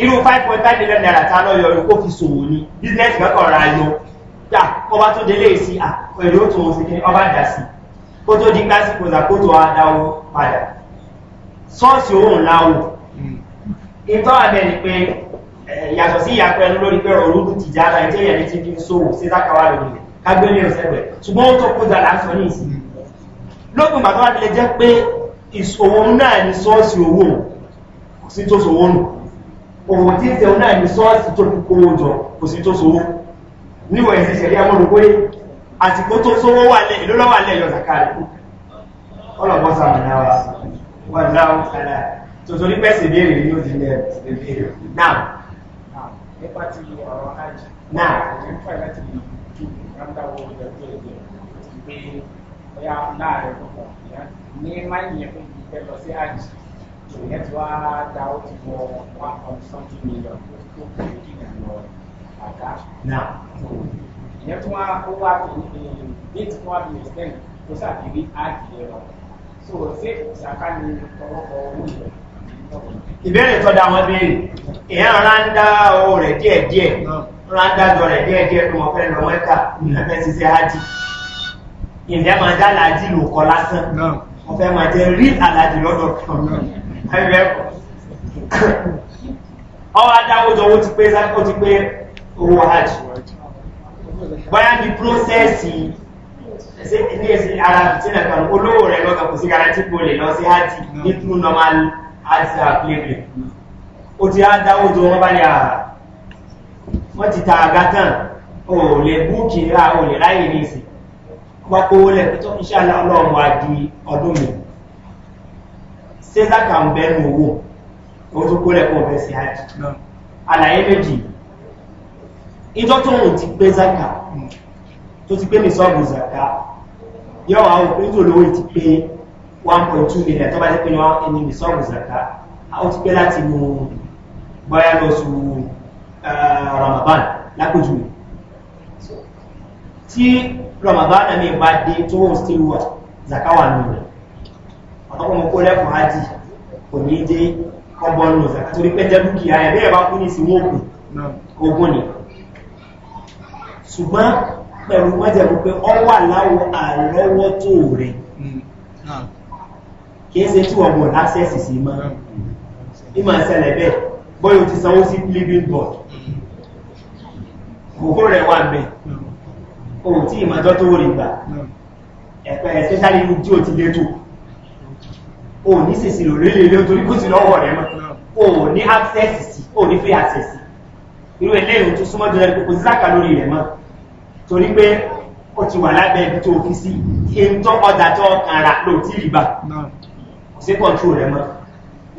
irú five point five million naira ta lọ yọ kó fi ṣòwò ni business mẹ́kànlá yọ yà ọba tó délé sí à pẹ̀lú òtún òsì kí ọba dà sí kó tó di gbásìkò zàkótó adáwó padà sọ́ọ̀sì òun láwò ìtọ́ abẹ ni pé yàtọ̀ sí ìyàpẹ́ ẹnu lórí pé òrùkù ti já ara ẹjẹ́ ìyẹn ti fi ń sòwò sí sákàwá lórí rẹ̀ kágbélé ọ̀sẹ̀gbẹ̀ ṣùgbọ́n ó tó kódà láńsọ ní ìsìn lókùn bàtọ́ wá tilẹ̀ jẹ́ pé ìṣòwò náà ni sọ́ọ̀sì owó kò sí tó sòwò nù òwò tí ìṣòwò náà ni sọ́ọ̀sì tó kó jọ kò sí tó sòwò nù níwọ̀ ẹ̀sì ìṣẹ̀rí amúrùgbé àti kó tó sówó wà lẹ́ ìlú lọ́wà lẹ́ yọ zakari ọlọ́pọ̀ sàmìnáwà wà láwọ́ kàlá tòtò ní pẹ́sì béèrè ní ó ti lẹ́ béèrè náà nípa ti ọ̀rọ̀ hajj náà nípa láti ju ráńdáwọ̀ ìdájọ́ ẹ̀jẹ̀ pé ọya láàrẹ̀ púpọ̀ ní máyìnyẹn fún ìfẹ́ lọ sí hajj tòun yẹn ti wá dá ó ti wọ one point something million tó kù ní kí Now, you have to wọ́n ó wá bí um, tí wọ́n bí ẹ̀sìn tó ṣàbíwí áàkì ẹ̀rọ so ṣé ìṣàká ni ọ̀pọ̀lọpọ̀ owó ìrọ̀ ìbéèrè tọ́da wọn béèrè èèyàn rárá ń dá owó rẹ̀ díẹ̀díẹ̀ rárá ń dájọ rẹ̀ díẹ̀díẹ̀ tó wọ́n fẹ́ lọ wẹ́ta ẹ̀fẹ́ ṣiṣẹ́ ájì ìfẹ́ máa dá làájì lò kọ́ lásán wọ́n fẹ́ máa jẹ́ rí àlàjì lọ́dọ̀ kan ẹgbẹ́ ọwọ́ adáwójọ ó ti pé owó hajj báyá ní prósẹ́sì ní èsì ara tínà kan olówó rẹ̀ lọ́gbà kò sí garanti kó lè lọ sí hajj ní true normal hajj playground ó ti á dáwó tó wọ́n bá ní àrà wọ́n ti ta àga o lè búùkì rà o lè ráyè ní ìsìn wọ́n kówó lẹ̀ tó iṣẹ́ aláwọ̀ wá di ọdún mi césar kan bẹ́ẹ̀ ní owó o tó kó lẹ̀ kó sí hajj àlàyé méjì ìjọ tó ń ti pé zaka tó ti pé ní zaka yọ àwọn òpínjò lówó ti pé 1.2 million tó bá ti pé ní ní sọ́ọ̀bù zaka ó ti pé láti mú bọ́yá lọ sù ramadan lápòjú tí ramadan ní bá dé tó wọ́n still wà zaka wà nù rẹ̀ ọ̀tọ́kùnrin kó lẹ́kùn ájì kò ní dé kọ́bọ̀nù zaka torí pé jẹ́ dúkìá ẹ̀ bẹ́ẹ̀ bá kú ní ìsinmi òkun ogun ni ṣùgbọ́n pẹ̀lú mọ́jẹ̀mú pé ọ wà láwọ àlọ́wọ́ tó hmm. rẹ̀ kìí ṣe tí ọmọ láṣẹ́sì sí mọ́ ìmọ̀ hmm. ìṣẹ̀lẹ̀ bẹ́ẹ̀ bọ́yọ̀ ti sanwó sí living board hmm. kòkó rẹ̀ wà bẹ̀ o tí ìmọ̀jọ́ tó rí gbà ẹ̀pẹ́ especially inú tí o ti lé tó o ní sèsì lò lé lélé torí kó sì lọ́wọ́ rẹ̀ mọ́ o ní access sí o ní free access sí irú o tó súnmọ́ jẹ́ kò sí sáka lórí rẹ̀ mọ́ torí pé ó ti wà lábẹ́ ibi tó fi sí èyí tó ọjà tó kàn rà ló tí ì bá kò sí kọ̀ǹtù rẹ̀ mọ́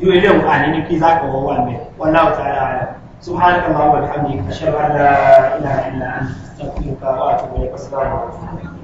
irú ilé òun àní ní pizza kan wọ́n wà mẹ́ wọ́n láwùjọ ara rẹ̀ سبحانك اللهم وبحمدك اشهد ان لا اله الا انت استغفرك واتوب اليك والسلام عليكم